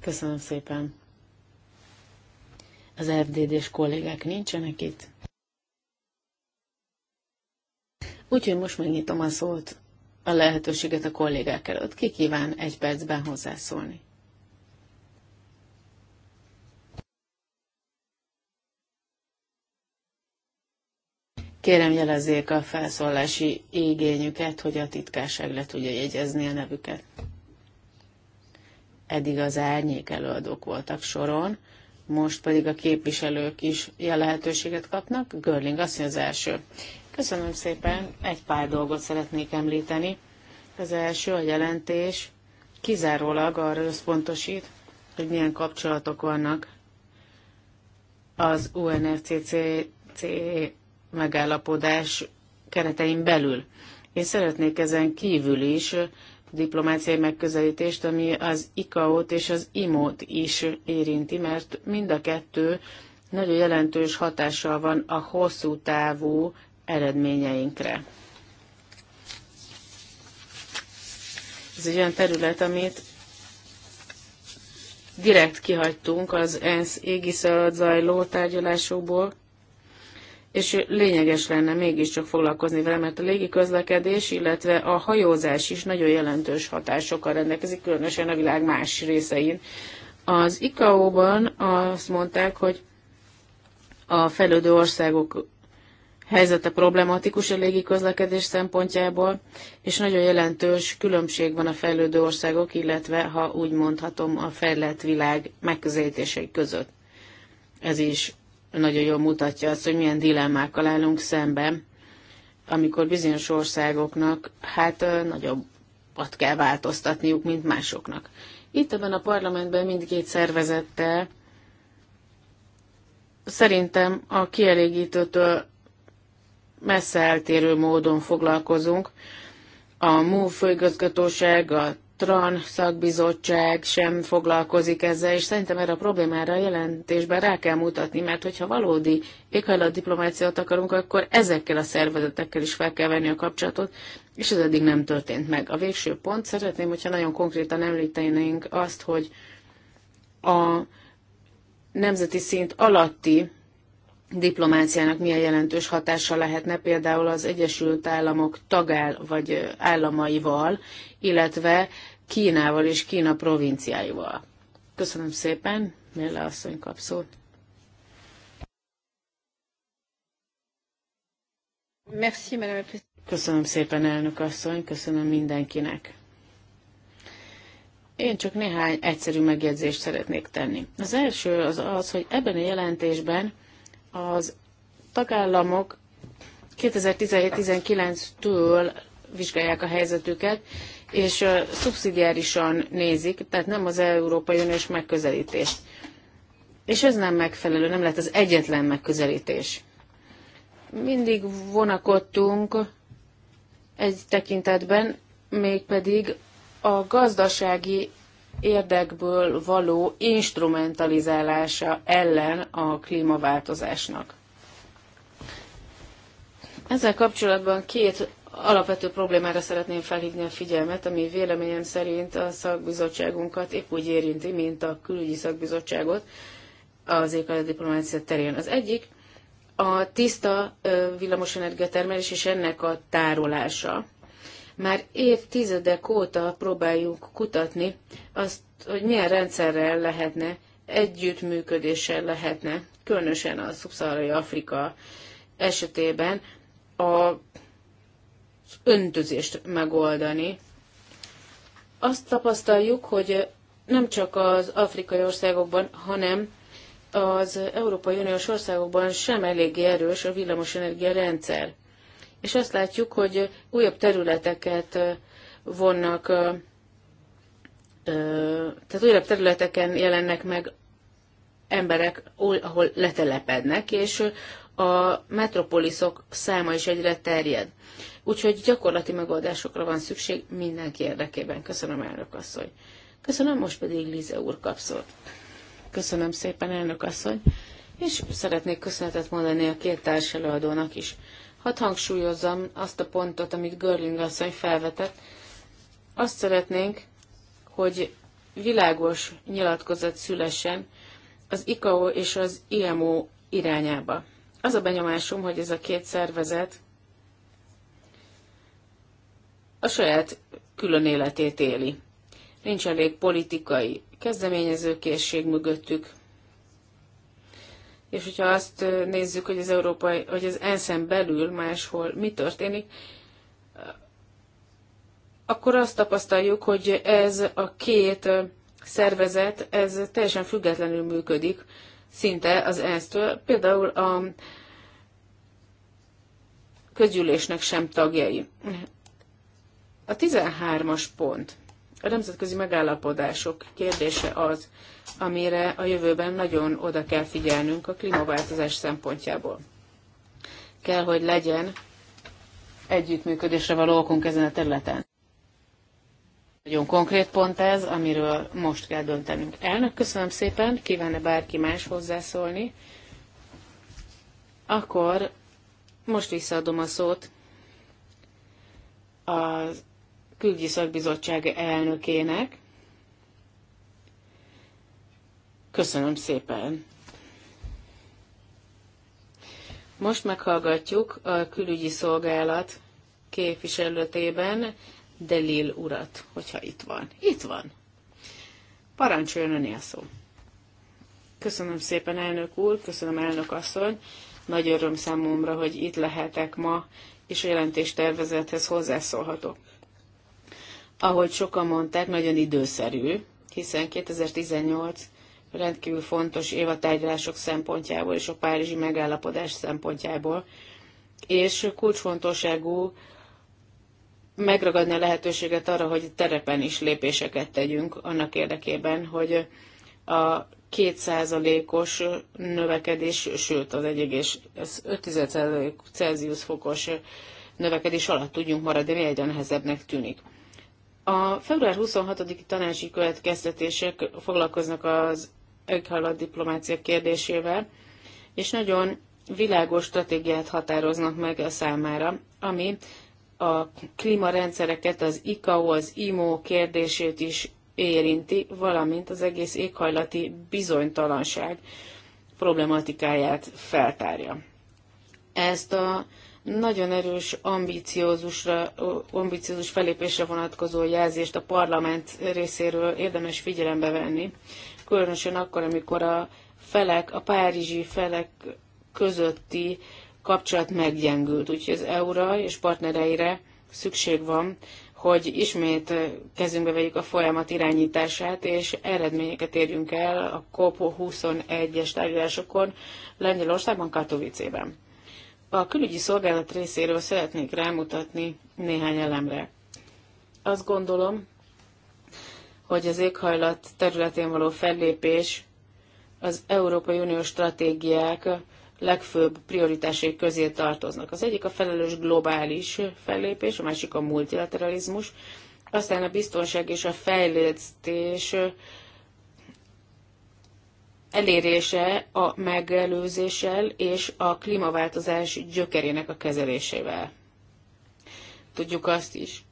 Köszönöm szépen. Az FDD-s kollégák nincsenek itt. Úgyhogy most megnyitom a szót, a lehetőséget a kollégák előtt. Ki kíván egy percben hozzászólni? Kérem jelezzék a felszólási igényüket, hogy a titkárság le tudja jegyezni a nevüket. Eddig az árnyék előadók voltak soron, most pedig a képviselők is ilyen lehetőséget kapnak. Görling asszony az első. Köszönöm szépen, egy pár dolgot szeretnék említeni. Az első a jelentés kizárólag arra összpontosít, hogy milyen kapcsolatok vannak az UNFCCC megállapodás keretein belül. Én szeretnék ezen kívül is diplomáciai megközelítést, ami az ICAO-t és az IMO-t is érinti, mert mind a kettő nagyon jelentős hatással van a hosszú távú eredményeinkre. Ez egy olyan terület, amit direkt kihagytunk az ENSZ égisze zajló tárgyalásokból, és lényeges lenne mégiscsak foglalkozni vele, mert a légi közlekedés, illetve a hajózás is nagyon jelentős hatásokkal rendelkezik, különösen a világ más részein. Az ICAO-ban azt mondták, hogy a fejlődő országok helyzete problematikus a légi közlekedés szempontjából, és nagyon jelentős különbség van a fejlődő országok, illetve, ha úgy mondhatom, a fejlett világ megközelítései között. Ez is nagyon jól mutatja azt, hogy milyen dilemmákkal állunk szemben, amikor bizonyos országoknak hát nagyobbat kell változtatniuk, mint másoknak. Itt ebben a parlamentben mindkét szervezettel szerintem a kielégítőtől messze eltérő módon foglalkozunk. A MOV főigazgatóság, a TRAN szakbizottság sem foglalkozik ezzel, és szerintem erre a problémára a jelentésben rá kell mutatni, mert hogyha valódi éghajlatdiplomáciát akarunk, akkor ezekkel a szervezetekkel is fel kell venni a kapcsolatot, és ez eddig nem történt meg. A végső pont, szeretném, hogyha nagyon konkrétan említenénk azt, hogy a nemzeti szint alatti diplomáciának milyen jelentős hatása lehetne például az Egyesült Államok tagáll vagy államaival, illetve Kínával és Kína provinciáival. Köszönöm szépen, Mélle asszony kap szót. Köszönöm szépen, elnök asszony, köszönöm mindenkinek. Én csak néhány egyszerű megjegyzést szeretnék tenni. Az első az az, hogy ebben a jelentésben az tagállamok 2017-19-től vizsgálják a helyzetüket, és szubszidiárisan nézik, tehát nem az Európai Uniós megközelítést. És ez nem megfelelő, nem lehet az egyetlen megközelítés. Mindig vonakodtunk egy tekintetben, mégpedig a gazdasági érdekből való instrumentalizálása ellen a klímaváltozásnak. Ezzel kapcsolatban két alapvető problémára szeretném felhívni a figyelmet, ami véleményem szerint a szakbizottságunkat épp úgy érinti, mint a külügyi szakbizottságot az éghajlatdiplomácia terén. Az egyik a tiszta villamosenergia termelés és ennek a tárolása. Már évtizedek óta próbáljuk kutatni azt, hogy milyen rendszerrel lehetne, együttműködéssel lehetne, különösen a szubszárai Afrika esetében a öntözést megoldani. Azt tapasztaljuk, hogy nem csak az afrikai országokban, hanem az Európai Uniós országokban sem eléggé erős a villamosenergia rendszer és azt látjuk, hogy újabb területeket vonnak, tehát újabb területeken jelennek meg emberek, ahol letelepednek, és a metropoliszok száma is egyre terjed. Úgyhogy gyakorlati megoldásokra van szükség mindenki érdekében. Köszönöm, elnök asszony. Köszönöm, most pedig Lize úr kapszott. Köszönöm szépen, elnök asszony, és szeretnék köszönetet mondani a két társelőadónak is. Hadd hangsúlyozzam azt a pontot, amit Görling asszony felvetett. Azt szeretnénk, hogy világos nyilatkozat szülessen az ICAO és az IMO irányába. Az a benyomásom, hogy ez a két szervezet a saját külön életét éli. Nincs elég politikai kezdeményezőkészség mögöttük, és hogyha azt nézzük, hogy az európai, hogy az ENSZ-en belül máshol mi történik, akkor azt tapasztaljuk, hogy ez a két szervezet, ez teljesen függetlenül működik, szinte az ENSZ-től. Például a közgyűlésnek sem tagjai. A 13-as pont – a nemzetközi megállapodások kérdése az, amire a jövőben nagyon oda kell figyelnünk a klímaváltozás szempontjából. Kell, hogy legyen együttműködésre való okunk ezen a területen. Nagyon konkrét pont ez, amiről most kell döntenünk. Elnök, köszönöm szépen, kívánne bárki más hozzászólni. Akkor most visszaadom a szót az külügyi szakbizottság elnökének. Köszönöm szépen! Most meghallgatjuk a külügyi szolgálat képviselőtében Delil urat, hogyha itt van. Itt van. Parancsoljon a szó. Köszönöm szépen, elnök úr, köszönöm, elnök asszony. Nagy öröm számomra, hogy itt lehetek ma, és a jelentéstervezethez hozzászólhatok ahogy sokan mondták, nagyon időszerű, hiszen 2018 rendkívül fontos év a tárgyalások szempontjából és a párizsi megállapodás szempontjából, és kulcsfontosságú megragadni a lehetőséget arra, hogy terepen is lépéseket tegyünk annak érdekében, hogy a kétszázalékos növekedés, sőt az 1,5 Celsius fokos növekedés alatt tudjunk maradni, ami egyre nehezebbnek tűnik. A február 26-i tanácsi következtetések foglalkoznak az éghajlat diplomácia kérdésével, és nagyon világos stratégiát határoznak meg a számára, ami a klímarendszereket, az ICAO, az IMO kérdését is érinti, valamint az egész éghajlati bizonytalanság problematikáját feltárja. Ezt a nagyon erős ambíciózusra, ambíciózus felépésre vonatkozó jelzést a parlament részéről érdemes figyelembe venni, különösen akkor, amikor a felek, a párizsi felek közötti kapcsolat meggyengült. Úgyhogy az EU-ra és partnereire szükség van, hogy ismét kezünkbe vegyük a folyamat irányítását, és eredményeket érjünk el a COP21-es tárgyalásokon Lengyelországban, Katowicében. A külügyi szolgálat részéről szeretnék rámutatni néhány elemre. Azt gondolom, hogy az éghajlat területén való fellépés az Európai Unió stratégiák legfőbb prioritásai közé tartoznak. Az egyik a felelős globális fellépés, a másik a multilateralizmus, aztán a biztonság és a fejlesztés elérése a megelőzéssel és a klímaváltozás gyökerének a kezelésével. Tudjuk azt is,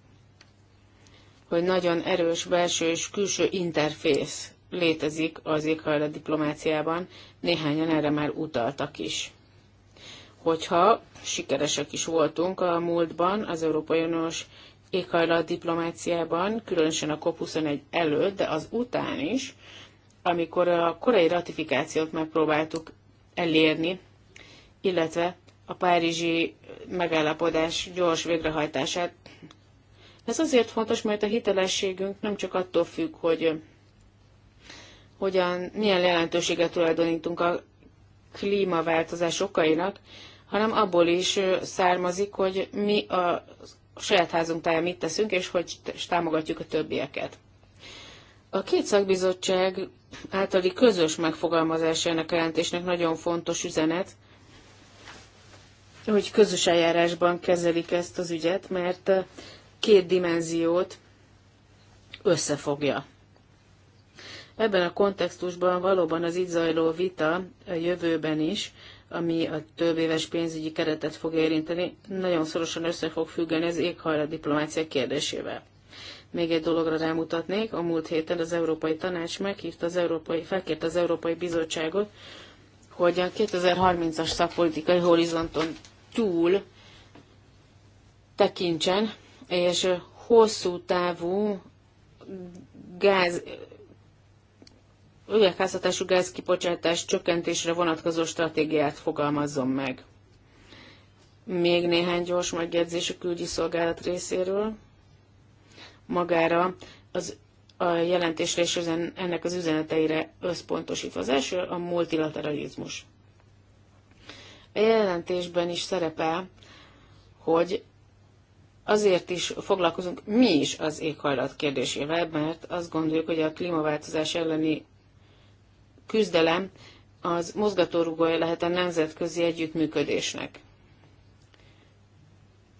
hogy nagyon erős belső és külső interfész létezik az éghajlat diplomáciában, néhányan erre már utaltak is. Hogyha sikeresek is voltunk a múltban az Európai Uniós éghajlat diplomáciában, különösen a COP21 előtt, de az után is, amikor a korai ratifikációt megpróbáltuk elérni, illetve a párizsi megállapodás gyors végrehajtását. Ez azért fontos, mert a hitelességünk nem csak attól függ, hogy hogyan, milyen jelentőséget tulajdonítunk a klímaváltozás okainak, hanem abból is származik, hogy mi a saját házunk táján mit teszünk, és hogy támogatjuk a többieket. A két szakbizottság általi közös megfogalmazása ennek a jelentésnek nagyon fontos üzenet, hogy közös eljárásban kezelik ezt az ügyet, mert eh, két dimenziót összefogja. Ebben a kontextusban valóban az itt zajló vita a jövőben is, ami a több éves pénzügyi keretet fog érinteni, nagyon szorosan össze fog függeni az éghajlat diplomácia kérdésével. Még egy dologra rámutatnék, a múlt héten az Európai Tanács meghívta az Európai, felkért az Európai Bizottságot, hogy a 2030-as szakpolitikai horizonton túl tekintsen, és hosszú távú gáz, üvegházhatású gázkipocsátás csökkentésre vonatkozó stratégiát fogalmazzon meg. Még néhány gyors megjegyzés a külgyi szolgálat részéről magára az a jelentésre és üzen, ennek az üzeneteire összpontosít. Az első a multilateralizmus. A jelentésben is szerepel, hogy azért is foglalkozunk mi is az éghajlat kérdésével, mert azt gondoljuk, hogy a klímaváltozás elleni küzdelem az mozgatórugója lehet a nemzetközi együttműködésnek.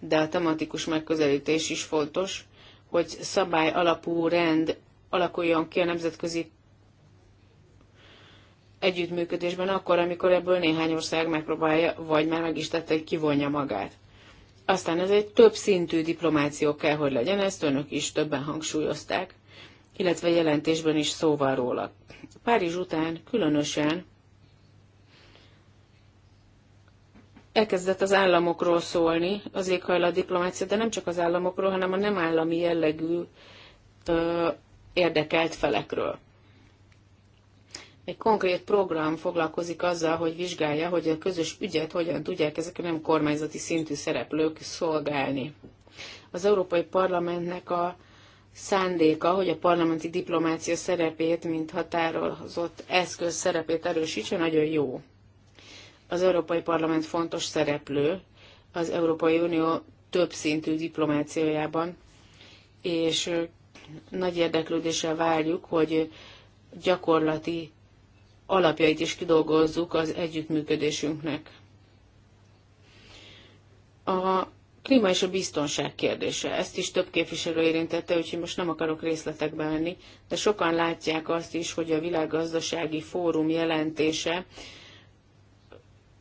De a tematikus megközelítés is fontos, hogy szabály alapú rend alakuljon ki a nemzetközi együttműködésben akkor, amikor ebből néhány ország megpróbálja, vagy már meg is tette, hogy kivonja magát. Aztán ez egy több szintű diplomáció kell, hogy legyen, ezt önök is többen hangsúlyozták, illetve jelentésben is szóval róla. Párizs után különösen elkezdett az államokról szólni az éghajlat diplomácia, de nem csak az államokról, hanem a nem állami jellegű érdekelt felekről. Egy konkrét program foglalkozik azzal, hogy vizsgálja, hogy a közös ügyet hogyan tudják ezek a nem kormányzati szintű szereplők szolgálni. Az Európai Parlamentnek a szándéka, hogy a parlamenti diplomácia szerepét, mint határozott eszköz szerepét erősítse, nagyon jó. Az Európai Parlament fontos szereplő az Európai Unió többszintű diplomáciájában, és nagy érdeklődéssel várjuk, hogy gyakorlati alapjait is kidolgozzuk az együttműködésünknek. A klíma és a biztonság kérdése. Ezt is több képviselő érintette, úgyhogy most nem akarok részletekbe menni, de sokan látják azt is, hogy a világgazdasági fórum jelentése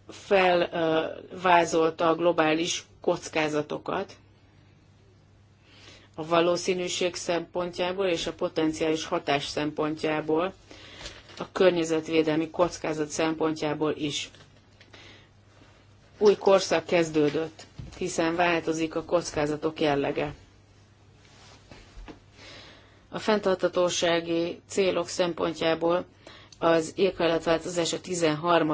felvázolta a globális kockázatokat a valószínűség szempontjából és a potenciális hatás szempontjából, a környezetvédelmi kockázat szempontjából is. Új korszak kezdődött, hiszen változik a kockázatok jellege. A fenntartatósági célok szempontjából az éghajlatváltozás a 13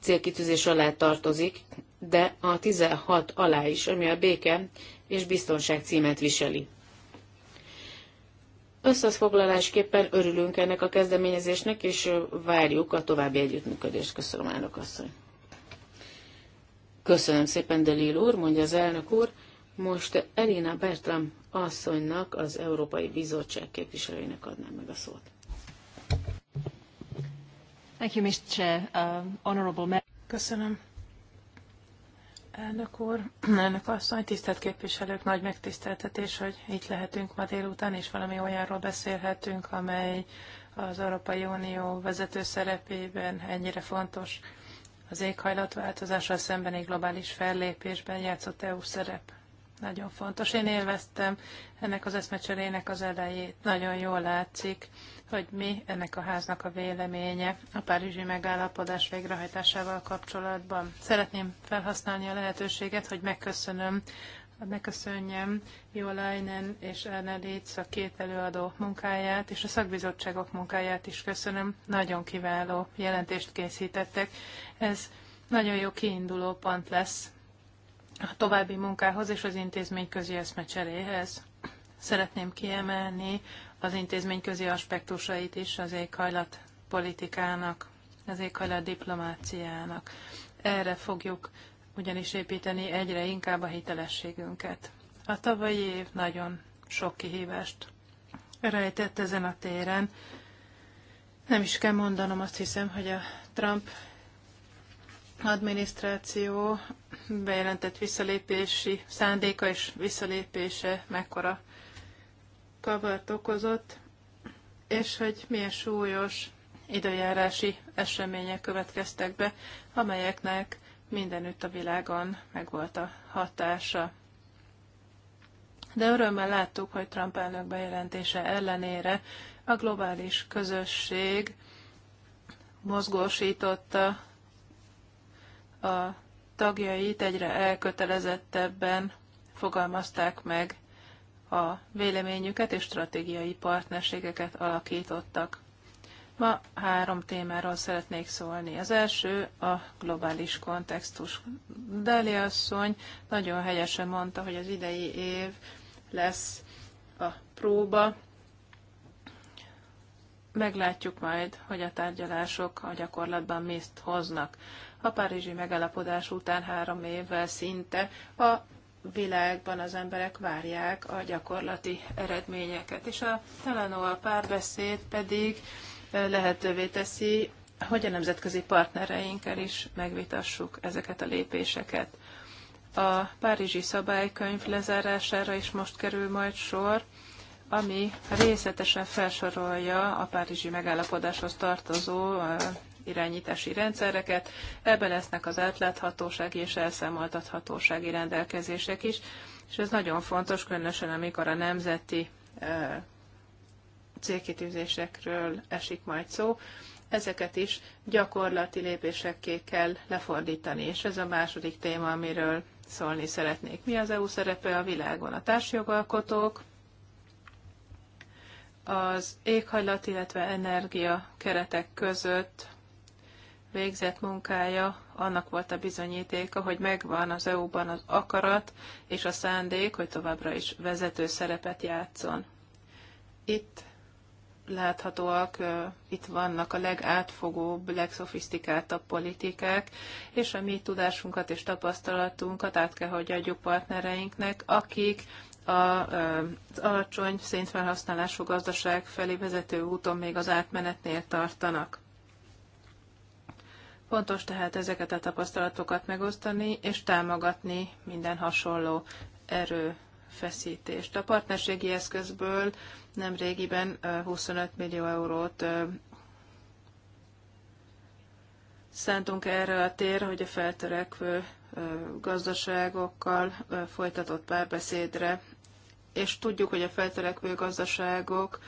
célkitűzés alá tartozik, de a 16 alá is, ami a béke és biztonság címet viseli. Összefoglalásképpen örülünk ennek a kezdeményezésnek, és várjuk a további együttműködést. Köszönöm, elnök asszony. Köszönöm szépen, Delil úr, mondja az elnök úr. Most Elina Bertram asszonynak, az Európai Bizottság képviselőjének adnám meg a szót. Um, Köszönöm. Elnök úr, elnök asszony, tisztelt képviselők, nagy megtiszteltetés, hogy itt lehetünk ma délután, és valami olyanról beszélhetünk, amely az Európai Unió vezető szerepében ennyire fontos az éghajlatváltozással szembeni globális fellépésben játszott EU szerep nagyon fontos. Én élveztem ennek az eszmecserének az elejét. Nagyon jól látszik, hogy mi ennek a háznak a véleménye a Párizsi megállapodás végrehajtásával kapcsolatban. Szeretném felhasználni a lehetőséget, hogy megköszönöm megköszönjem Jó Leinen és Erne Létsz a két előadó munkáját, és a szakbizottságok munkáját is köszönöm. Nagyon kiváló jelentést készítettek. Ez nagyon jó kiinduló pont lesz a további munkához és az intézményközi eszmecseréhez. Szeretném kiemelni az intézményközi aspektusait is az éghajlat politikának, az éghajlat diplomáciának. Erre fogjuk ugyanis építeni egyre inkább a hitelességünket. A tavalyi év nagyon sok kihívást rejtett ezen a téren. Nem is kell mondanom, azt hiszem, hogy a Trump adminisztráció bejelentett visszalépési szándéka és visszalépése mekkora kavart okozott, és hogy milyen súlyos időjárási események következtek be, amelyeknek mindenütt a világon megvolt a hatása. De örömmel láttuk, hogy Trump elnök bejelentése ellenére a globális közösség mozgósította a tagjait egyre elkötelezettebben fogalmazták meg a véleményüket és stratégiai partnerségeket alakítottak. Ma három témáról szeretnék szólni. Az első a globális kontextus. Deli asszony nagyon helyesen mondta, hogy az idei év lesz a próba, meglátjuk majd, hogy a tárgyalások a gyakorlatban mit hoznak. A párizsi megállapodás után három évvel szinte a világban az emberek várják a gyakorlati eredményeket, és a a párbeszéd pedig eh, lehetővé teszi, hogy a nemzetközi partnereinkkel is megvitassuk ezeket a lépéseket. A párizsi szabálykönyv lezárására is most kerül majd sor, ami részletesen felsorolja a Párizsi megállapodáshoz tartozó irányítási rendszereket. Ebben lesznek az átláthatósági és elszámoltathatósági rendelkezések is, és ez nagyon fontos, különösen amikor a nemzeti célkitűzésekről esik majd szó. Ezeket is gyakorlati lépésekké kell lefordítani, és ez a második téma, amiről szólni szeretnék. Mi az EU szerepe a világon? A társjogalkotók, az éghajlat, illetve energia keretek között végzett munkája annak volt a bizonyítéka, hogy megvan az EU-ban az akarat és a szándék, hogy továbbra is vezető szerepet játszon. Itt láthatóak, itt vannak a legátfogóbb, legszofisztikáltabb politikák, és a mi tudásunkat és tapasztalatunkat át kell, hogy adjuk partnereinknek, akik a, az alacsony szénfelhasználású gazdaság felé vezető úton még az átmenetnél tartanak. Fontos tehát ezeket a tapasztalatokat megosztani és támogatni minden hasonló erő feszítést. A partnerségi eszközből nem régiben 25 millió eurót szántunk erre a térre, hogy a feltörekvő gazdaságokkal folytatott párbeszédre és tudjuk, hogy a feltörekvő gazdaságok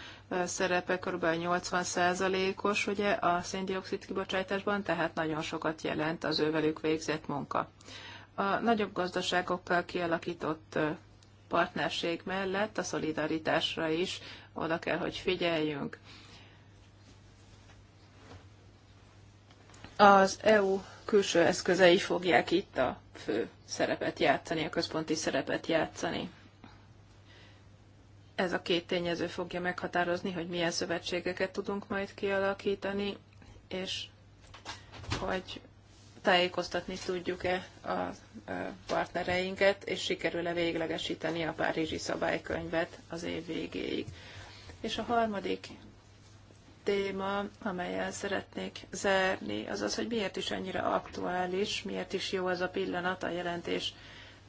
szerepe kb. 80%-os ugye, a széndiokszid kibocsátásban, tehát nagyon sokat jelent az ővelük végzett munka. A nagyobb gazdaságokkal kialakított partnerség mellett a szolidaritásra is oda kell, hogy figyeljünk. Az EU külső eszközei fogják itt a fő szerepet játszani, a központi szerepet játszani ez a két tényező fogja meghatározni, hogy milyen szövetségeket tudunk majd kialakítani, és hogy tájékoztatni tudjuk-e a partnereinket, és sikerül-e véglegesíteni a Párizsi szabálykönyvet az év végéig. És a harmadik téma, amelyel szeretnék zárni, az az, hogy miért is annyira aktuális, miért is jó ez a pillanat a jelentés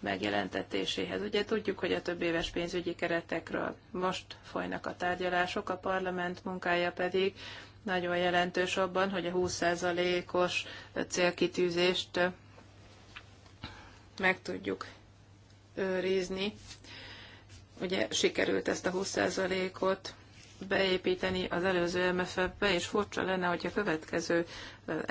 megjelentetéséhez. Ugye tudjuk, hogy a több éves pénzügyi keretekről most folynak a tárgyalások, a parlament munkája pedig nagyon jelentős abban, hogy a 20%-os célkitűzést meg tudjuk őrizni. Ugye sikerült ezt a 20%-ot beépíteni az előző MFF-be, és furcsa lenne, hogy a következő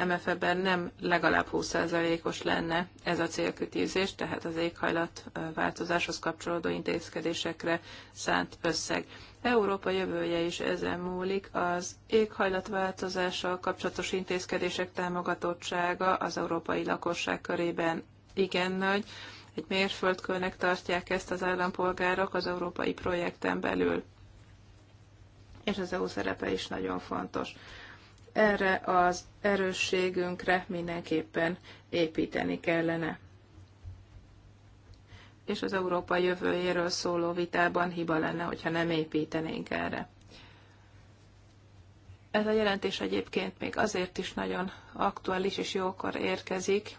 MFF-ben nem legalább 20%-os lenne ez a célkütőzés, tehát az éghajlat változáshoz kapcsolódó intézkedésekre szánt összeg. Európa jövője is ezen múlik, az éghajlatváltozással kapcsolatos intézkedések támogatottsága az európai lakosság körében igen nagy, egy mérföldkőnek tartják ezt az állampolgárok az európai projekten belül és az EU szerepe is nagyon fontos. Erre az erősségünkre mindenképpen építeni kellene. És az Európa jövőjéről szóló vitában hiba lenne, hogyha nem építenénk erre. Ez a jelentés egyébként még azért is nagyon aktuális és jókor érkezik,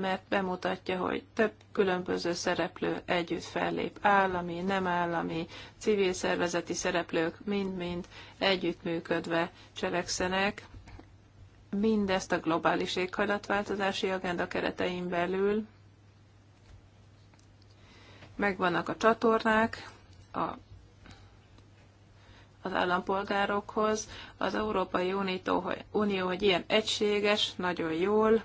mert bemutatja, hogy több különböző szereplő együtt fellép, állami, nem állami, civil szervezeti szereplők mind-mind együttműködve cselekszenek, mindezt a globális éghajlatváltozási agenda keretein belül. Megvannak a csatornák, a az állampolgárokhoz. Az Európai Unió, Unió egy ilyen egységes, nagyon jól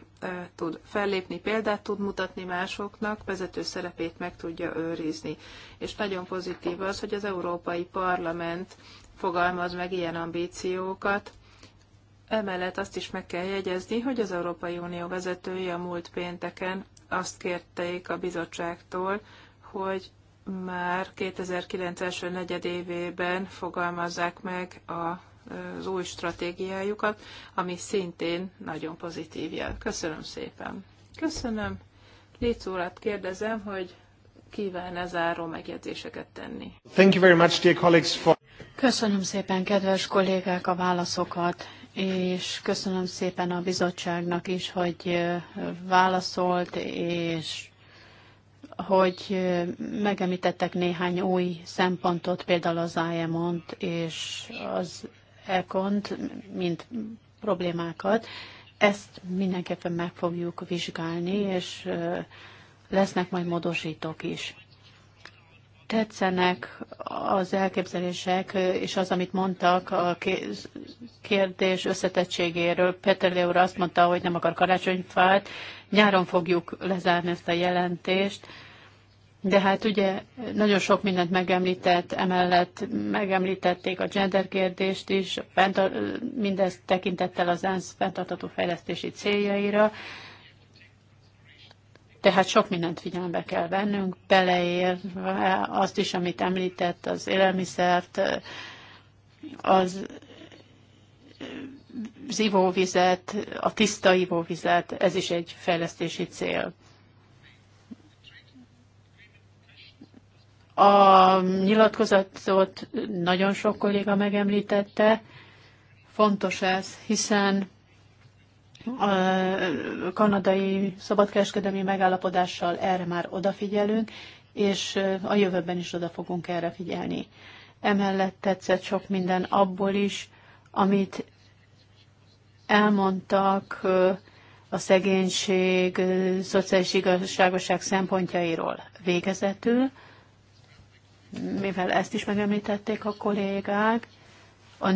tud fellépni, példát tud mutatni másoknak, vezető szerepét meg tudja őrizni. És nagyon pozitív az, hogy az Európai Parlament fogalmaz meg ilyen ambíciókat, Emellett azt is meg kell jegyezni, hogy az Európai Unió vezetői a múlt pénteken azt kérték a bizottságtól, hogy már 2009 első negyedévében fogalmazzák meg a az új stratégiájukat, ami szintén nagyon pozitív jel. Köszönöm szépen. Köszönöm. Létszórát kérdezem, hogy kíván ez záró megjegyzéseket tenni. Thank you very much, dear colleagues, for... Köszönöm szépen, kedves kollégák, a válaszokat, és köszönöm szépen a bizottságnak is, hogy válaszolt, és hogy megemlítettek néhány új szempontot, például az IMON-t és az ECON-t, mint problémákat. Ezt mindenképpen meg fogjuk vizsgálni, és lesznek majd módosítók is. Tetszenek az elképzelések, és az, amit mondtak a kérdés összetettségéről. Peter Leur azt mondta, hogy nem akar karácsonyfát, nyáron fogjuk lezárni ezt a jelentést, de hát ugye nagyon sok mindent megemlített, emellett megemlítették a gender kérdést is, mindezt tekintettel az ENSZ fenntartató fejlesztési céljaira. Tehát sok mindent figyelembe kell vennünk, beleértve azt is, amit említett, az élelmiszert, az, az ivóvizet, a tiszta ivóvizet, ez is egy fejlesztési cél. A nyilatkozatot nagyon sok kolléga megemlítette, fontos ez, hiszen a kanadai szabadkereskedelmi megállapodással erre már odafigyelünk, és a jövőben is oda fogunk erre figyelni. Emellett tetszett sok minden abból is, amit elmondtak a szegénység, szociális igazságoság szempontjairól végezetül mivel ezt is megemlítették a kollégák, a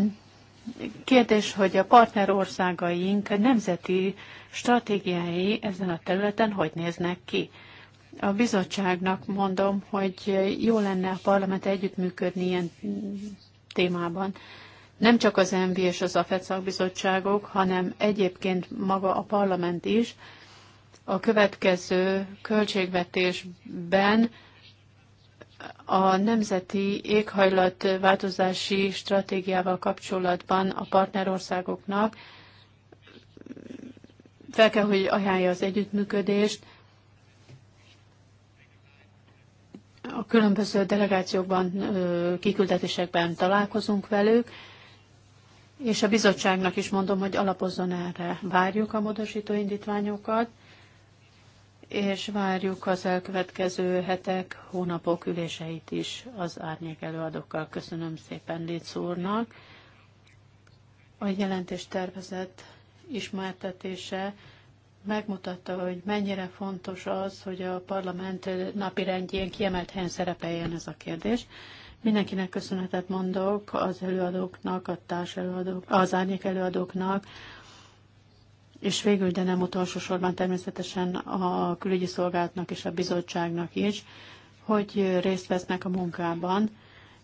kérdés, hogy a partner országaink nemzeti stratégiái ezen a területen hogy néznek ki. A bizottságnak mondom, hogy jó lenne a parlament együttműködni ilyen témában. Nem csak az MV és az AFET szakbizottságok, hanem egyébként maga a parlament is a következő költségvetésben a nemzeti éghajlatváltozási stratégiával kapcsolatban a partnerországoknak fel kell, hogy ajánlja az együttműködést a különböző delegációkban, kiküldetésekben találkozunk velük, és a bizottságnak is mondom, hogy alapozzon erre. Várjuk a módosító indítványokat, és várjuk az elkövetkező hetek, hónapok üléseit is az árnyék előadókkal. Köszönöm szépen Lécz úrnak. A jelentés tervezett ismertetése megmutatta, hogy mennyire fontos az, hogy a parlament napi rendjén kiemelt helyen szerepeljen ez a kérdés. Mindenkinek köszönetet mondok az előadóknak, a társ előadók, az árnyék előadóknak, és végül, de nem utolsó sorban természetesen a külügyi szolgálatnak és a bizottságnak is, hogy részt vesznek a munkában.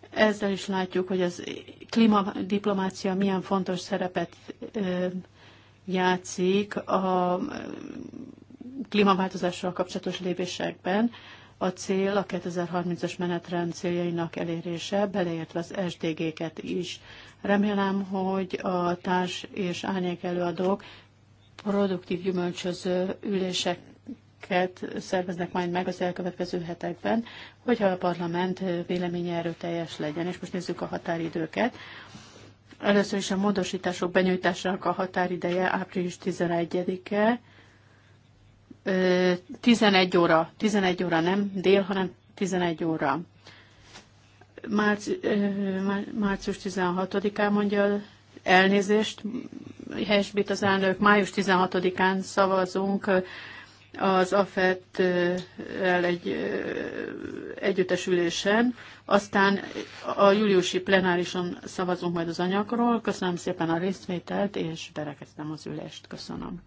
Ezzel is látjuk, hogy az klímadiplomácia milyen fontos szerepet játszik a klímaváltozással kapcsolatos lépésekben. A cél a 2030-as menetrend céljainak elérése, beleértve az SDG-ket is. Remélem, hogy a társ és árnyék előadók produktív gyümölcsöző üléseket szerveznek majd meg az elkövetkező hetekben, hogyha a parlament véleménye erőteljes legyen. És most nézzük a határidőket. Először is a módosítások benyújtásának a határideje április 11-e. 11 óra, 11 óra nem dél, hanem 11 óra. március 16-án mondja elnézést, Hesbit az elnök, május 16-án szavazunk az AFET-el egy együttesülésen, aztán a júliusi plenárison szavazunk majd az anyagról. Köszönöm szépen a részvételt, és berekeztem az ülést. Köszönöm.